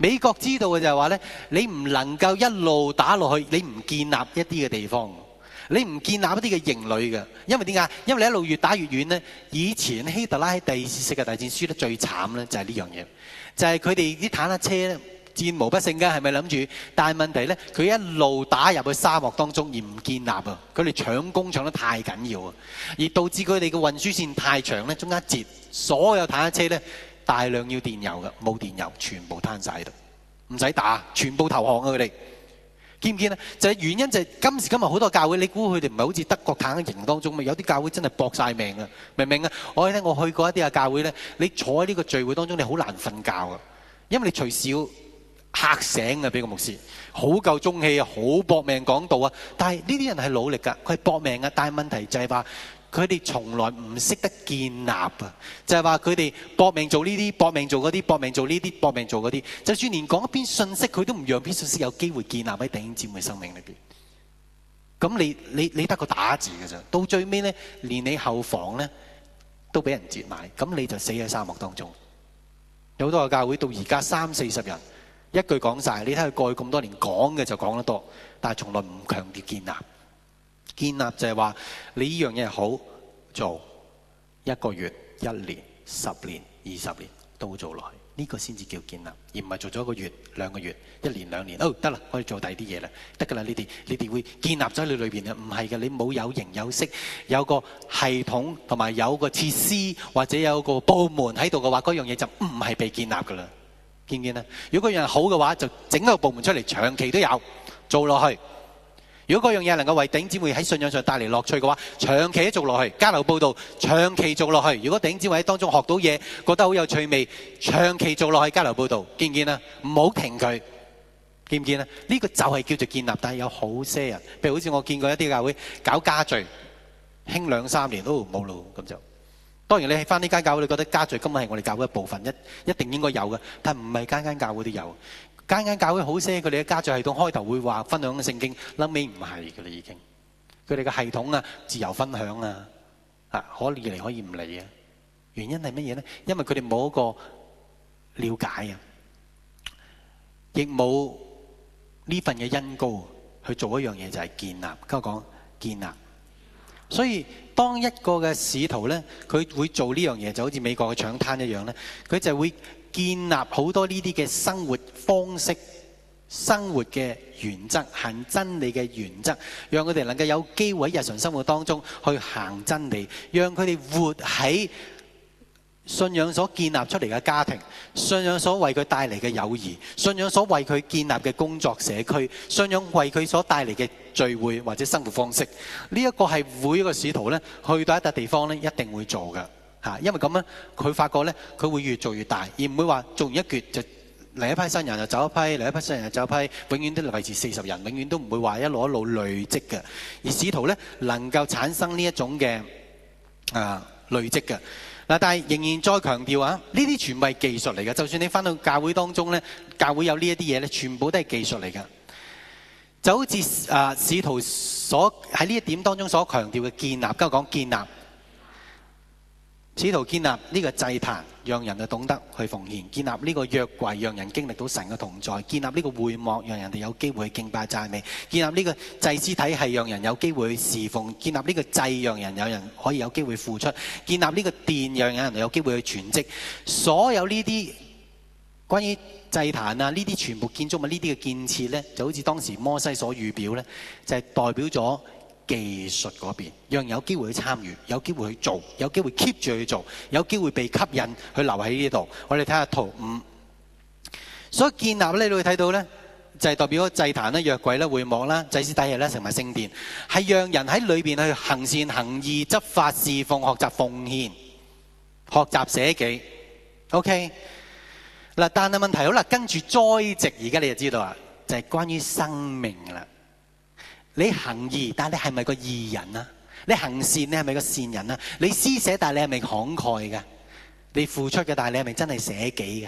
美國知道嘅就係話呢你唔能夠一路打落去，你唔建立一啲嘅地方，你唔建立一啲嘅營壘嘅，因為點解？因為你一路越打越遠呢以前希特拉喺第二次世界大戰輸得最慘呢就係呢樣嘢，就係佢哋啲坦克車呢戰無不勝嘅，係咪諗住？但係問題呢，佢一路打入去沙漠當中而唔建立啊，佢哋搶工搶得太緊要啊，而導致佢哋嘅運輸線太長呢中間截所有坦克車呢。大量要電油嘅，冇電油，全部攤曬喺度，唔使打，全部投降啊！佢哋見唔見咧？就係原因就係今時今日好多教會，你估佢哋唔係好似德國坦克營當中嘛？有啲教會真係搏曬命嘅，明唔明啊？我咧我去過一啲啊教會咧，你坐喺呢個聚會當中你好難瞓覺㗎，因為你隨時要嚇醒啊！俾個牧師好夠中氣啊，好搏命講道啊！但係呢啲人係努力㗎，佢係搏命㗎，但係問題就係話。佢哋從來唔識得建立啊！就係話佢哋搏命做呢啲，搏命做嗰啲，搏命做呢啲，搏命做嗰啲。就算連講一篇信息，佢都唔讓一篇信息有機會建立喺頂尖嘅生命裏邊。咁你你你得個打字嘅咋，到最尾咧，連你後房咧都俾人截埋。咁你就死喺沙漠當中。有好多個教會到而家三四十人，一句講晒，你睇佢過去咁多年講嘅就講得多，但係從來唔強調建立。建立就係話你呢樣嘢好做一個月、一年、十年、二十年都做落去，呢個先至叫建立，而唔係做咗一個月、兩個月、一年、兩年，哦得啦，可以做第二啲嘢啦，得噶啦，你哋你哋會建立咗你裏邊嘅，唔係嘅，你冇有，有形有色，有個系統同埋有個設施或者有個部門喺度嘅話，嗰樣嘢就唔係被建立噶啦，見唔見啊？如果樣嘢好嘅話，就整個部門出嚟，長期都有做落去。如果嗰樣嘢能夠為頂姊妹喺信仰上帶嚟樂趣嘅話，長期做落去交流報導，長期做落去。如果頂姊妹喺當中學到嘢，覺得好有趣味，長期做落去交流報導，見唔見啊？唔好停佢，見唔見啊？呢個就係叫做建立。但係有好些人，譬如好似我見過一啲教會搞家聚，興兩三年都冇咯，咁就當然你係返呢間教會，你覺得家聚根本係我哋教會一部分，一一定應該有嘅，但唔係間間教會都有。間間教會好些，佢哋嘅家長系統開頭會話分享聖經，後屘唔係噶啦，已經佢哋嘅系統啊，自由分享啊，吓可以嚟可以唔嚟啊，原因係乜嘢咧？因為佢哋冇一個了解啊，亦冇呢份嘅恩膏去做一樣嘢，就係建立。我講建立，所以當一個嘅使徒咧，佢會做呢樣嘢，就好似美國嘅搶灘一樣咧，佢就會。建立好多呢啲嘅生活方式、生活嘅原則，行真理嘅原則，讓佢哋能夠有機會喺日常生活當中去行真理，讓佢哋活喺信仰所建立出嚟嘅家庭、信仰所為佢帶嚟嘅友誼、信仰所為佢建立嘅工作社區、信仰為佢所帶嚟嘅聚會或者生活方式，呢一個係每一個使徒咧去到一笪地方咧，一定會做嘅。嚇！因為咁樣，佢發覺呢，佢會越做越大，而唔會話做完一橛就嚟一批新人又走一批，嚟一批新人又走一批，永遠都嚟自四十人，永遠都唔會話一路一路累積嘅。而使徒呢，能夠產生呢一種嘅啊累積嘅嗱、啊，但係仍然再強調啊，呢啲全部係技術嚟嘅。就算你翻到教會當中呢，教會有呢一啲嘢呢，全部都係技術嚟嘅。就好似啊，使徒所喺呢一點當中所強調嘅建立，今日講建立。試圖建立呢個祭壇，讓人就懂得去奉獻；建立呢個約櫃，讓人經歷到神嘅同在；建立呢個會幕，讓人哋有機會去敬拜讚美；建立呢個祭司體系，讓人有機會侍奉；建立呢個祭，讓人有人可以有機會付出；建立呢個殿，讓人有機會去全職。所有呢啲關於祭壇啊，呢啲全部建築物，呢啲嘅建設呢，就好似當時摩西所預表呢，就係、是、代表咗。技術嗰邊，讓有機會去參與，有機會去做，有機會 keep 住去做，有機會被吸引去留喺呢度。我哋睇下圖五，所以建立呢你睇到呢，就係代表咗祭壇啦、約櫃啦、會幕啦、祭司底日咧，同埋聖殿，係讓人喺裏面去行善、行義、執法、侍奉、學習、奉獻、學習寫記。OK，嗱，但係問題好啦，跟住栽植，而家你就知道啦，就係關於生命啦。你行義，但係你係咪個義人啊？你行善，你係咪個善人啊？你施捨，但係你係咪慷慨嘅？你付出嘅，但係你係咪真係捨己嘅？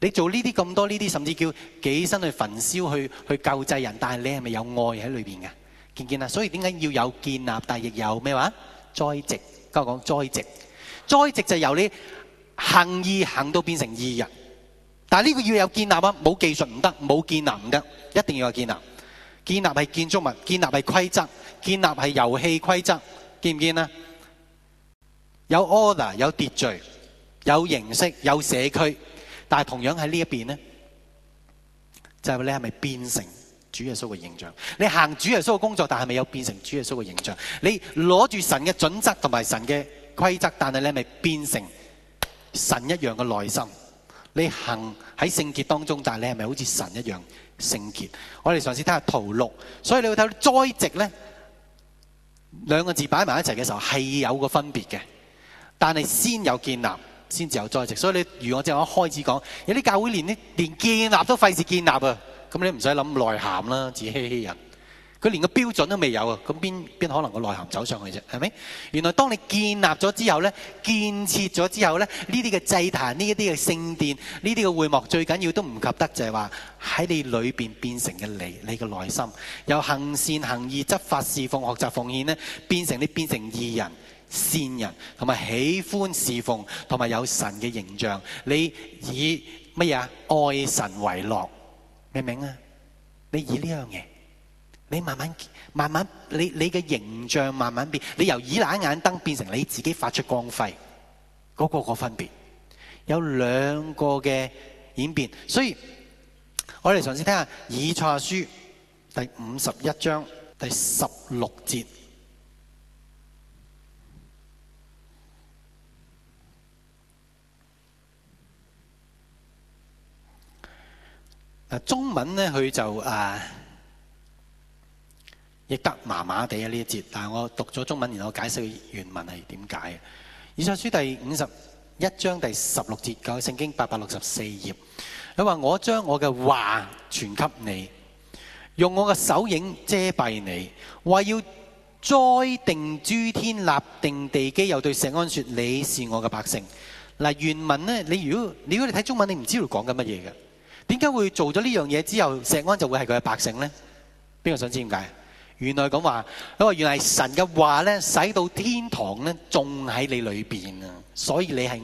你做呢啲咁多呢啲，甚至叫幾身去焚燒去去救濟人，但係你係咪有愛喺裏邊嘅？見唔見啊？所以點解要有建立，但係亦有咩話？栽植，我講栽植，栽植就由你行義行到變成義人，但係呢個要有建立啊！冇技術唔得，冇建立唔得，一定要有建立。建立係建築物，建立係規則，建立係遊戲規則，見唔見啊？有 order，有秩序，有形式，有社區，但係同樣喺呢一邊呢就係你係咪變成主耶穌嘅形象？你行主耶穌嘅工作，但係咪有變成主耶穌嘅形象？你攞住神嘅準則同埋神嘅規則，但係你係咪變成神一樣嘅內心？你行喺聖潔當中，但係你係咪好似神一樣？聖潔，我哋嘗試睇下圖六，所以你會睇到栽植呢兩個字擺埋一齊嘅時候係有個分別嘅，但係先有建立，先至有栽植。所以你如我正話一開始講，有啲教會連呢連建立都費事建立啊，咁你唔使諗內涵啦，自欺欺人。佢連個標準都未有啊！咁邊邊可能個內涵走上去啫？係咪？原來當你建立咗之後呢，建設咗之後呢，呢啲嘅祭壇，呢一啲嘅聖殿，呢啲嘅會幕，最緊要都唔及得就係話喺你裏面變成嘅你，你嘅內心由行善、行義、執法、侍奉、學習、奉獻呢，變成你變成義人、善人，同埋喜歡侍奉同埋有神嘅形象。你以乜嘢啊？愛神為樂，明唔明啊？你以呢樣嘢。你慢慢、慢慢，你你嘅形象慢慢變，你由以懶眼燈變成你自己發出光輝，嗰、那個個分別有兩個嘅演變，所以我哋嘗試聽下以賽書第五十一章第十六節。嗱，中文咧佢就誒。啊亦得麻麻地啊！呢一節，但係我讀咗中文，然後我解釋原文係點解。以賽書第五十一章第十六節，教，就是、聖經八百六十四頁，佢話我將我嘅話傳給你，用我嘅手影遮蔽你，話要栽定諸天、立定地基。又對錫安說：你是我嘅百姓。嗱，原文呢？你如果你如果你睇中文，你唔知道講緊乜嘢嘅？點解會做咗呢樣嘢之後，錫安就會係佢嘅百姓呢？邊個想知點解？原來咁話，因為原來神嘅話咧，使到天堂咧種喺你裏邊啊，所以你係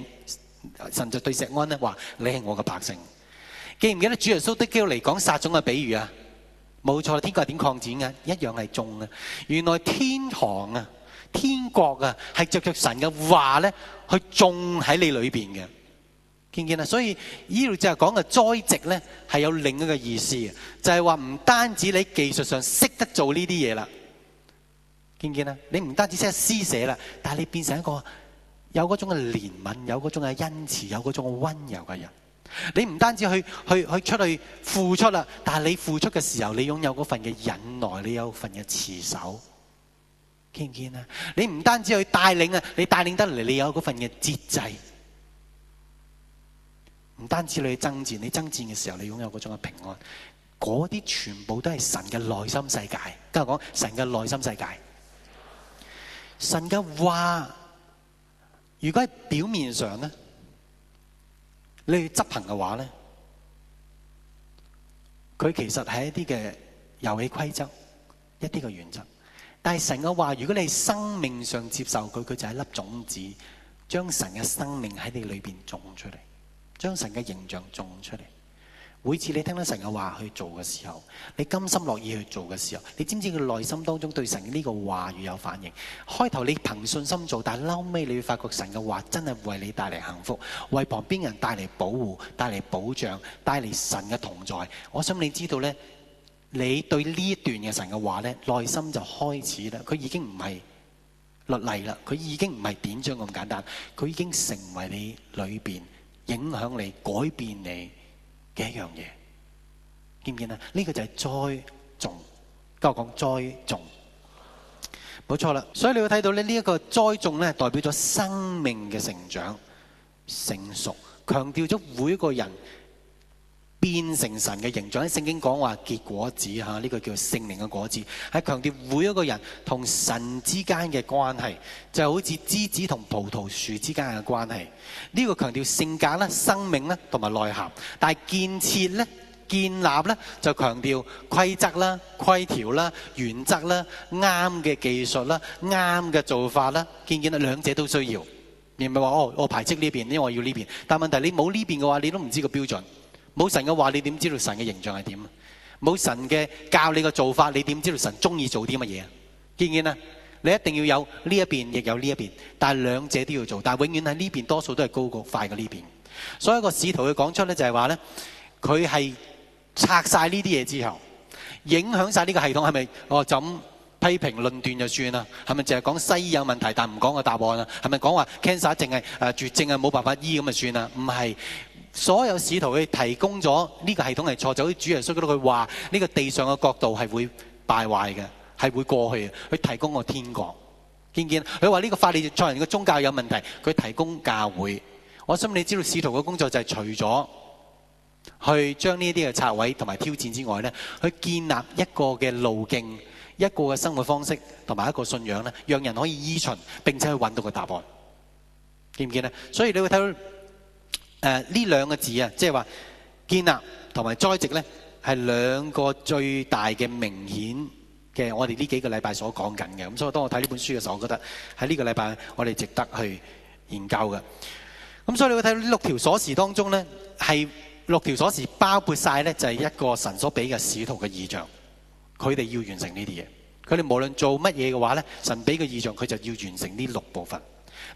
神就對錫安咧話，你係我嘅百姓。記唔記得主耶穌的基督嚟講撒種嘅比喻啊，冇錯，天國係點擴展嘅，一樣係種啊。原來天堂啊，天國啊，係着着神嘅話咧去種喺你裏邊嘅。見見啦，所以就呢度就係講嘅栽植咧，係有另一個意思嘅，就係話唔單止你技術上識得做呢啲嘢，啦，見見啦，你唔單止識得施捨啦，但係你變成一個有嗰種嘅憐憫，有嗰種嘅恩慈，有嗰種溫柔嘅人。你唔單止去去去出去付出啦，但係你付出嘅時候，你擁有嗰份嘅忍耐，你有份嘅持守，見唔見啊？你唔單止去帶領啊，你帶領得嚟，你有嗰份嘅節制。唔單止你去爭戰，你爭戰嘅時候，你擁有嗰種嘅平安。嗰啲全部都係神嘅內心世界。家下講神嘅內心世界，神嘅話，如果喺表面上咧，你去執行嘅話咧，佢其實係一啲嘅遊戲規則，一啲嘅原則。但係神嘅話，如果你喺生命上接受佢，佢就係一粒種子，將神嘅生命喺你裏邊種出嚟。將神嘅形象種出嚟。每次你聽到神嘅話去做嘅時候，你甘心樂意去做嘅時候，你知唔知佢內心當中對神呢個話語有反應？開頭你憑信心做，但係後尾你會發覺神嘅話真係為你帶嚟幸福，為旁邊人帶嚟保護、帶嚟保障、帶嚟神嘅同在。我想你知道呢，你對呢一段嘅神嘅話呢，內心就開始啦。佢已經唔係律例啦，佢已經唔係典章咁簡單，佢已經成為你裏邊。影響你、改變你嘅一樣嘢，見唔見啊？呢、這個就係栽種，跟我講栽種，冇錯啦。所以你會睇到咧，呢一個栽種咧，代表咗生命嘅成長、成熟，強調咗每一個人。變成神嘅形象喺聖經講話結果子吓呢、啊這個叫做聖靈嘅果子，係強調每一個人同神之間嘅關係，就是、好似枝子同葡萄樹之間嘅關係。呢、這個強調性格啦生命啦同埋內涵，但係建設呢建立呢就強調規則啦、規條啦、原則啦、啱嘅技術啦、啱嘅做法啦。見唔見啊？兩者都需要，明唔係話哦，我排斥呢邊，因為我要呢邊。但問題你冇呢邊嘅話，你都唔知個標準。冇神嘅話，你點知道神嘅形象係點？冇神嘅教你嘅做法，你點知道神中意做啲乜嘢？見唔見啊，你一定要有呢一邊，亦有呢一邊，但係兩者都要做，但係永遠喺呢邊多數都係高過快過呢邊。所以個使徒佢講出咧，就係話咧，佢係拆晒呢啲嘢之後，影響晒呢個系統，係咪哦就咁批評論斷就算啦？係咪淨係講西醫有問題，但唔講個答案啊？係咪講話 cancer 淨係誒絕症啊，冇辦法醫咁啊算啦？唔係。所有使徒去提供咗呢個系統係錯，就好似主耶穌嗰句話：呢、這個地上嘅國度係會敗壞嘅，係會過去嘅。佢提供個天國，見唔見？佢話呢個法利賽人嘅宗教有問題，佢提供教會。我諗你知道使徒嘅工作就係除咗去將呢啲嘅拆毀同埋挑戰之外呢，去建立一個嘅路徑、一個嘅生活方式同埋一個信仰呢，讓人可以依循，並且去揾到個答案，見唔見呢？所以你會睇到。誒、呢、呃、兩個字啊，即係話建立同埋栽植呢，係兩個最大嘅明顯嘅，我哋呢幾個禮拜所講緊嘅。咁、嗯、所以當我睇呢本書嘅時候，我覺得喺呢個禮拜我哋值得去研究嘅。咁、嗯、所以你會睇到呢六條鎖匙當中呢，係六條鎖匙包括晒呢，就係、是、一個神所俾嘅使徒嘅異象，佢哋要完成呢啲嘢。佢哋無論做乜嘢嘅話呢，神俾嘅異象佢就要完成呢六部分。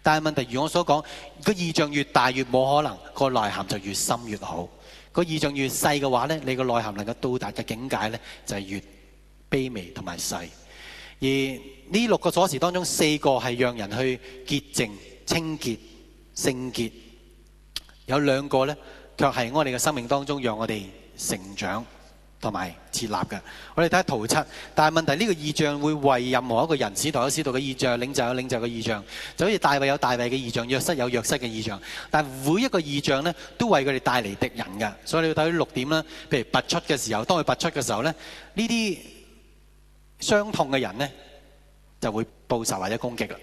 但係問題，如我所講，個意象越大越冇可能，個內涵就越深越好。個意象越細嘅話呢，你個內涵能夠到達嘅境界呢，就係越卑微同埋細。而呢六個鎖匙當中，四個係讓人去潔淨、清潔、聖潔，有兩個呢，卻係我哋嘅生命當中，讓我哋成長。同埋設立嘅，我哋睇下圖七。但係問題呢個異象會為任何一個人，使徒有使徒嘅異象，領袖有領袖嘅異象，就好似大衞有大衞嘅異象，約瑟有約瑟嘅異象。但係每一個異象呢，都為佢哋帶嚟敵人㗎。所以你要睇六點啦，譬如拔出嘅時候，當佢拔出嘅時候呢，呢啲傷痛嘅人呢，就會報仇或者攻擊啦，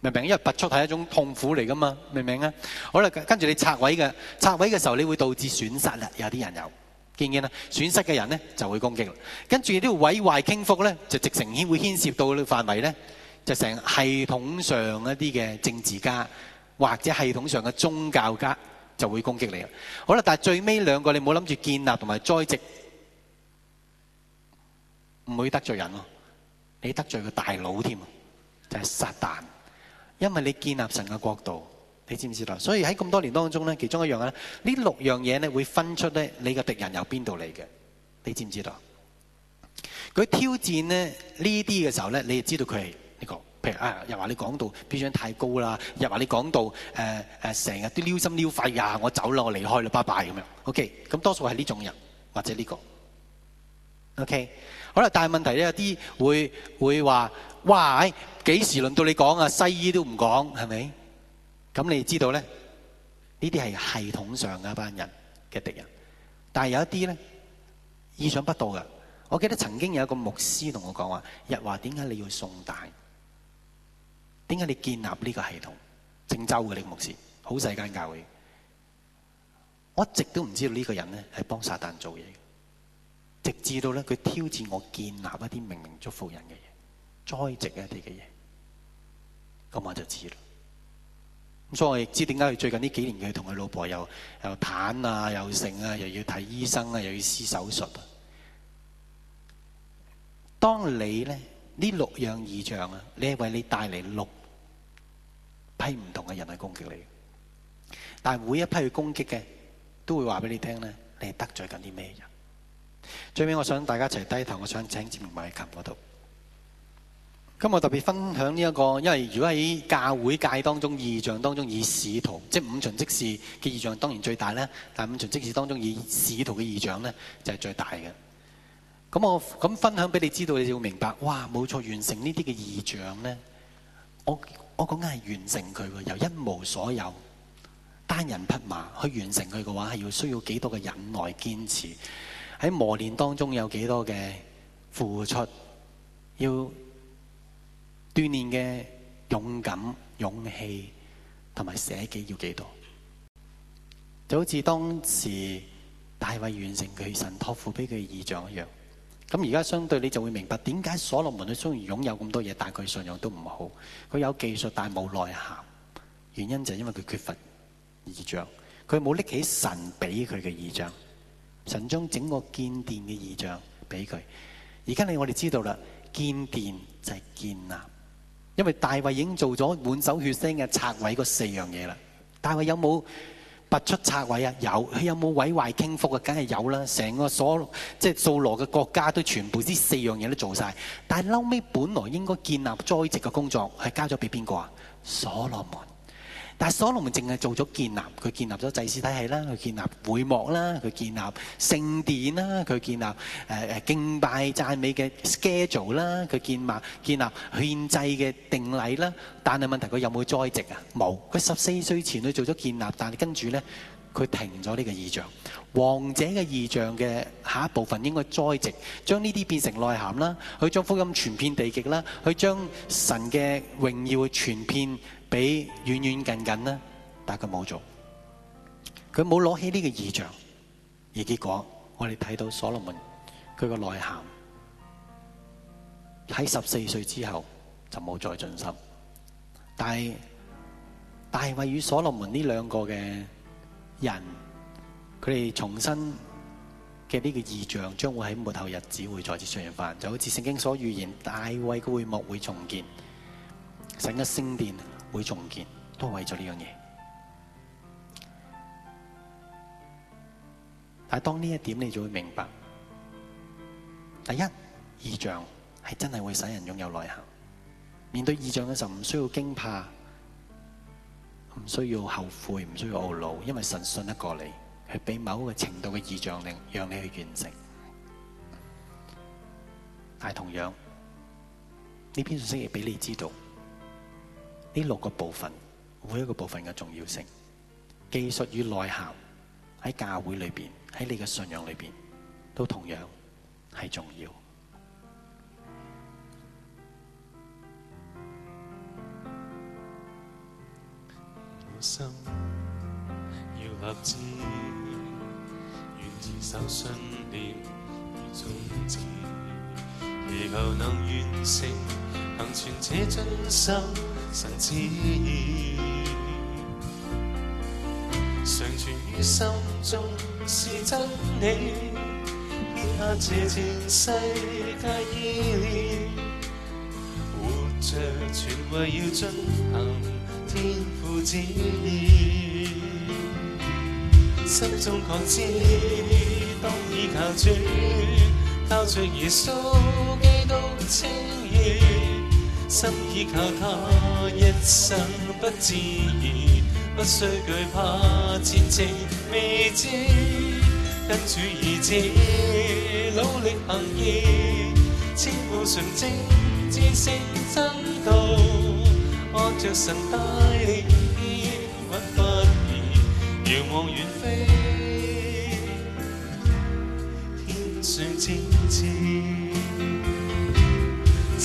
明唔明？因為拔出係一種痛苦嚟㗎嘛，明唔明啊？好啦，跟住你拆毀嘅，拆毀嘅時候你會導致損失啦，有啲人有。見見啦，損失嘅人咧就會攻擊啦，跟住啲毀壞傾覆咧就直情牽會牽涉到啲範圍咧，就成系統上一啲嘅政治家或者系統上嘅宗教家就會攻擊你啦。好啦，但係最尾兩個你冇諗住建立同埋栽植，唔會得罪人咯，你得罪個大佬添啊，就係撒但，因為你建立神嘅國度。你知唔知道？所以喺咁多年當中咧，其中一樣咧，呢六樣嘢咧會分出咧你嘅敵人由邊度嚟嘅？你知唔知道？佢挑戰呢呢啲嘅時候咧，你就知道佢係呢個。譬如啊，又話你講到標準太高啦，又話你講到誒成日都撩心撩肺呀，我走啦，我離開啦，拜拜咁樣。OK，咁多數係呢種人或者呢個。OK，好啦，但係問題咧，有啲會會話哇幾時輪到你講啊？西醫都唔講係咪？咁你知道咧，呢啲係系統上嘅一班人嘅敵人，但係有一啲咧意想不到嘅。我記得曾經有一個牧師同我講話，日華點解你要送帶，點解你建立呢個系統？正州嘅呢牧師，好細間教會，我一直都唔知道呢個人咧係幫撒旦做嘢，直至到咧佢挑戰我建立一啲明明祝福人嘅嘢、栽植一啲嘅嘢，咁我就知啦。所以我亦知點解佢最近呢幾年佢同佢老婆又又攤啊，又剩啊，又要睇醫生啊，又要施手術啊。當你呢呢六樣異象啊，你係為你帶嚟六批唔同嘅人去攻擊你。但每一批去攻擊嘅，都會話俾你聽咧，你係得罪緊啲咩人？最尾我想大家一齊低頭，我想請前面埋琴嗰度。今日特別分享呢、這、一個，因為如果喺教會界當中，異象當中以使徒，即係五旬即士嘅異象，當然最大咧。但係五旬即士當中以使徒嘅異象咧，就係最大嘅。咁我咁分享俾你知道，你就明白。哇！冇錯，完成呢啲嘅異象咧，我我講緊係完成佢，由一無所有、單人匹馬去完成佢嘅話，係要需要幾多嘅忍耐、堅持，喺磨練當中有幾多嘅付出，要。鍛煉嘅勇敢、勇氣同埋寫記要幾多？就好似當時大衛完成佢神託付俾佢嘅異象一樣。咁而家相對你就會明白點解所羅門都雖然擁有咁多嘢，但佢信仰都唔好。佢有技術，但冇內涵。原因就係因為佢缺乏異象，佢冇拎起神俾佢嘅異象。神將整個建殿嘅異象俾佢。而家你我哋知道啦，建殿就係建立。因為大衛已經做咗滿手血腥嘅拆毀嗰四樣嘢啦，大衛有冇拔出拆毀啊？有，佢有冇毀壞傾覆啊？梗係有啦，成個所即係掃羅嘅國家都全部呢四樣嘢都做晒，但係嬲尾本來應該建立栽植嘅工作係交咗俾邊個啊？所羅門。但所羅門淨係做咗建立，佢建立咗祭祀體系啦，佢建立會幕啦，佢建立聖殿啦，佢建立誒、呃、敬拜讚美嘅 schedule 啦，佢建立建立獻祭嘅定例啦。但係問題佢有冇栽植啊？冇。佢十四歲前佢做咗建立，但係跟住呢，佢停咗呢個異象。王者嘅異象嘅下一部分應該栽植，將呢啲變成內涵啦，去將福音傳遍地極啦，去將神嘅榮耀傳遍。比遠遠近近呢，但佢冇做，佢冇攞起呢個異象，而結果我哋睇到所羅門佢個內涵喺十四歲之後就冇再進深，但係大衛與所羅門呢兩個嘅人，佢哋重新嘅呢個異象，將會喺末後日子會再次出現返，就好似聖經所預言，大衛嘅會幕會重建，神嘅聖殿。會重建，都係為咗呢樣嘢。但係當呢一點，你就會明白，第一異象係真係會使人擁有內涵。面對異象嘅時候，唔需要驚怕，唔需要後悔，唔需要懊惱，因為神信得過你，係俾某一個程度嘅異象令讓你去完成。但係同樣，呢篇信息亦俾你知道。呢六個部分，每一個部分嘅重要性，技術與內涵，喺教會裏邊，喺你嘅信仰裏邊，都同樣係重要。
神旨常存於心中是真理，撇下邪情世界意念，活着全為要進行天父旨意，心中確知當倚靠主，靠着耶穌基督稱義。心已靠他，一生不質疑，不需懼怕前程未知。跟主意志，努力行義，千古純正之聖真道。按着神帶領，安穩不移，遙望遠飛，天上天知。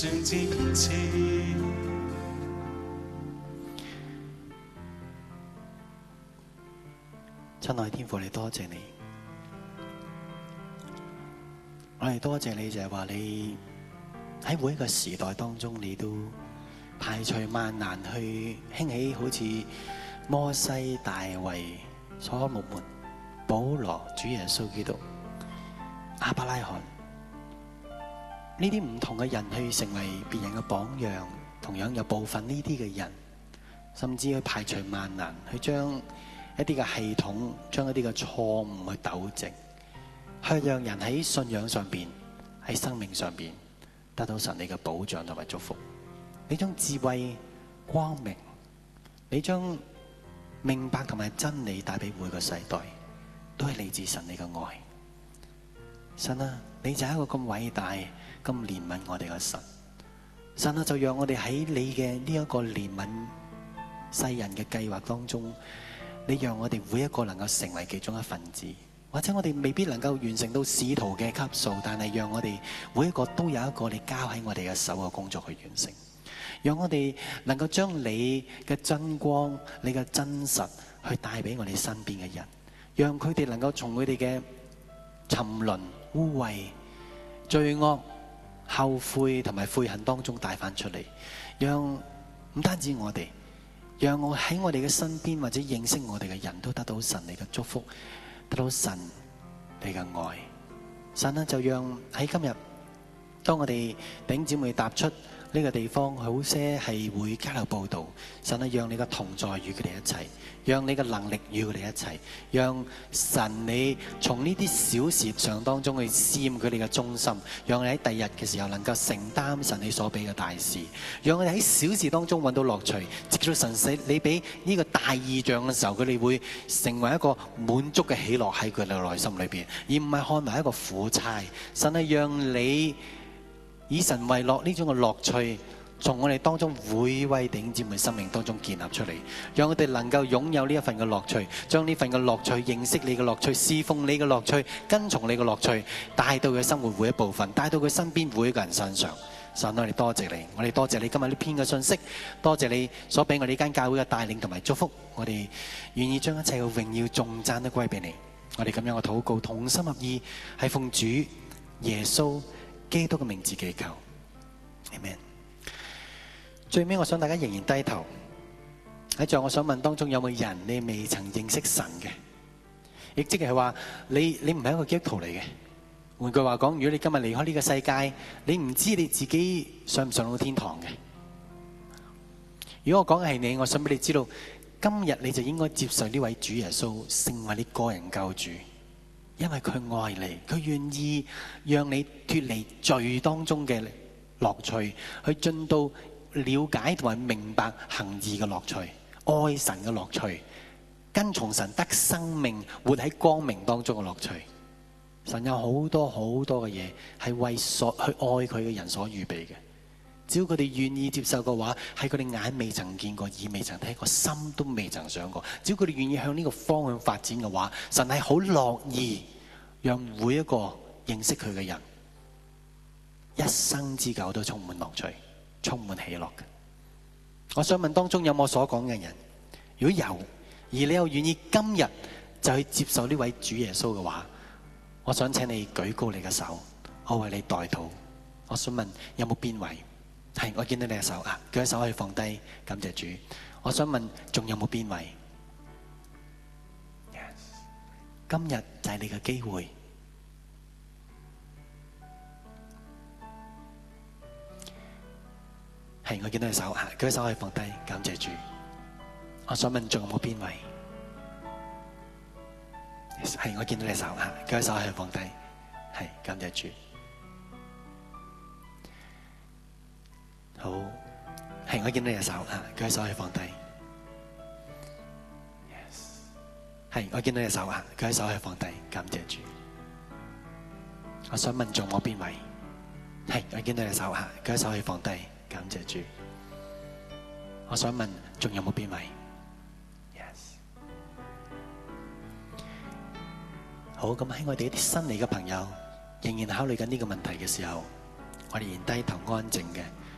親愛的天父，你多謝你，我哋多謝你，就係話你喺每一個時代當中，你都排除萬難去興起，好似摩西、大衛、所羅門、保羅、主耶穌基督、亞伯拉罕。呢啲唔同嘅人去成為別人嘅榜樣，同樣有部分呢啲嘅人，甚至去排除萬難，去將一啲嘅系統、將一啲嘅錯誤去糾正，去讓人喺信仰上邊、喺生命上邊得到神你嘅保障同埋祝福。你將智慧、光明，你將明白同埋真理帶俾每個世代，都係嚟自神你嘅愛。神啊，你就係一個咁偉大！咁憐憫我哋嘅神，神啊，就讓我哋喺你嘅呢一個憐憫世人嘅計劃當中，你讓我哋每一個能夠成為其中一份子，或者我哋未必能夠完成到使徒嘅級數，但係讓我哋每一個都有一個你交喺我哋嘅手嘅工作去完成，讓我哋能夠將你嘅真光、你嘅真實去帶俾我哋身邊嘅人，讓佢哋能夠從佢哋嘅沉淪、污穢、罪惡，後悔同埋悔恨當中帶翻出嚟，讓唔單止我哋，讓我喺我哋嘅身邊或者認識我哋嘅人都得到神你嘅祝福，得到神你嘅愛。神呢就讓喺今日，當我哋弟兄姊妹踏出。呢個地方好些係會加留報導，神係讓你嘅同在與佢哋一齊，讓你嘅能力與佢哋一齊，讓神你從呢啲小事上當中去試驗佢哋嘅忠心，讓你喺第日嘅時候能夠承擔神你所俾嘅大事，讓佢哋喺小事當中揾到樂趣，直到神使，你俾呢個大異象嘅時候，佢哋會成為一個滿足嘅喜樂喺佢哋嘅內心裏邊，而唔係看為一個苦差。神係讓你。以神為樂呢種嘅樂趣，從我哋當中會為弟兄姊妹生命當中建立出嚟，讓我哋能夠擁有呢一份嘅樂趣，將呢份嘅樂趣，認識你嘅樂趣，侍奉你嘅樂趣，跟從你嘅樂趣，帶到佢生活每一部分，帶到佢身邊每一個人身上。神啊，我哋多謝你，我哋多謝你今日呢篇嘅信息，多謝你所俾我哋呢間教會嘅帶領同埋祝福，我哋願意將一切嘅榮耀、頌讚都歸俾你。我哋咁樣嘅禱告，同心合意，係奉主耶穌基督嘅名字祈求，Amen。最尾我想大家仍然低頭。喺在我想問當中，有冇人你未曾認識神嘅？亦即係話你你唔係一個基督徒嚟嘅。換句話講，如果你今日離開呢個世界，你唔知你自己上唔上到天堂嘅。如果我講嘅係你，我想俾你知道，今日你就應該接受呢位主耶穌成為你個人救主。因為佢愛你，佢願意讓你脫離罪當中嘅樂趣，去進到了解同埋明白行義嘅樂趣，愛神嘅樂趣，跟從神得生命，活喺光明當中嘅樂趣。神有好多好多嘅嘢，係為所去愛佢嘅人所預備嘅。只要佢哋願意接受嘅話，係佢哋眼未曾見過，耳未曾聽過，心都未曾想過。只要佢哋願意向呢個方向發展嘅話，神係好樂意讓每一個認識佢嘅人，一生之久都充滿樂趣，充滿喜樂嘅。我想問當中有冇所講嘅人，如果有而你又願意今日就去接受呢位主耶穌嘅話，我想請你舉高你嘅手，我為你代禱。我想問有冇邊位？係，我見到你嘅手啊，舉起手可以放低，感謝主。我想問，仲有冇邊位？今日就係你嘅機會。係，我見到你手啊，舉起手可以放低，感謝主。我想問，仲有冇邊位？係，我見到你手啊，舉起手可以放低，係，感謝主。好，係我見到你隻手啊，佢隻手可以放低。Yes。係我見到你隻手啊，佢隻手可以放低，感謝主。我想問，仲有冇邊位？係我見到你隻手啊，佢隻手可以放低，感謝主。我想問，仲有冇邊位？Yes。好，咁喺我哋一啲新嚟嘅朋友仍然考慮緊呢個問題嘅時候，我哋仍低頭安靜嘅。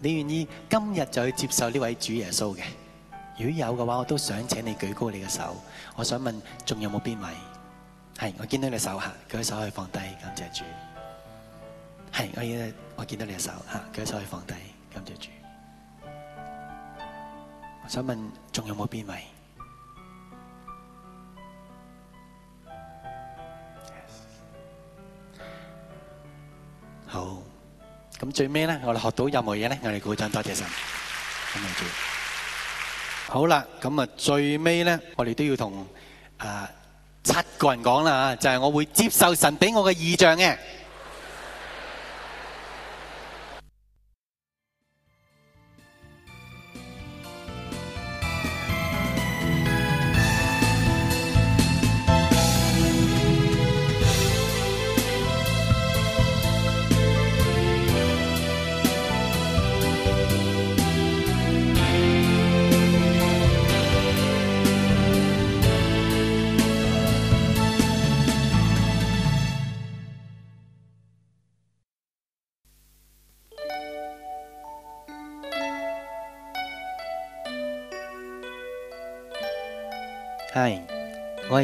你願意今日就去接受呢位主耶穌嘅？如果有嘅話，我都想請你舉高你嘅手。我想問，仲有冇邊位？係，我見到你的手吓，舉手可以放低，感謝主。係，我依，我見到你嘅手吓，舉手可以放低，感謝主。我想問，仲有冇邊位？Yes. 好。咁最尾咧，我哋學到任何嘢咧，我哋鼓掌，多謝神。好啦，咁啊最尾咧，我哋都要同啊七個人講啦嚇，就係我會接受神俾我嘅異象嘅。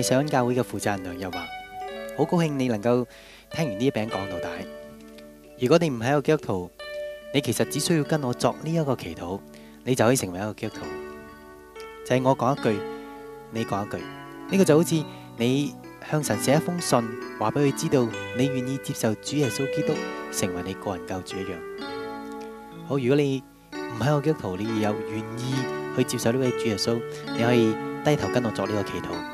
上教會嘅負責人梁日華：，好高興你能夠聽完呢一餅講到大。如果你唔係一個基督徒，你其實只需要跟我作呢一個祈禱，你就可以成為一個基督徒。就係我講一句，你講一句，呢個就好似你向神寫一封信，話俾佢知道你願意接受主耶穌基督成為你個人救主一樣。好，如果你唔係一個基督徒，你有願意去接受呢位主耶穌，你可以低頭跟我作呢個祈禱。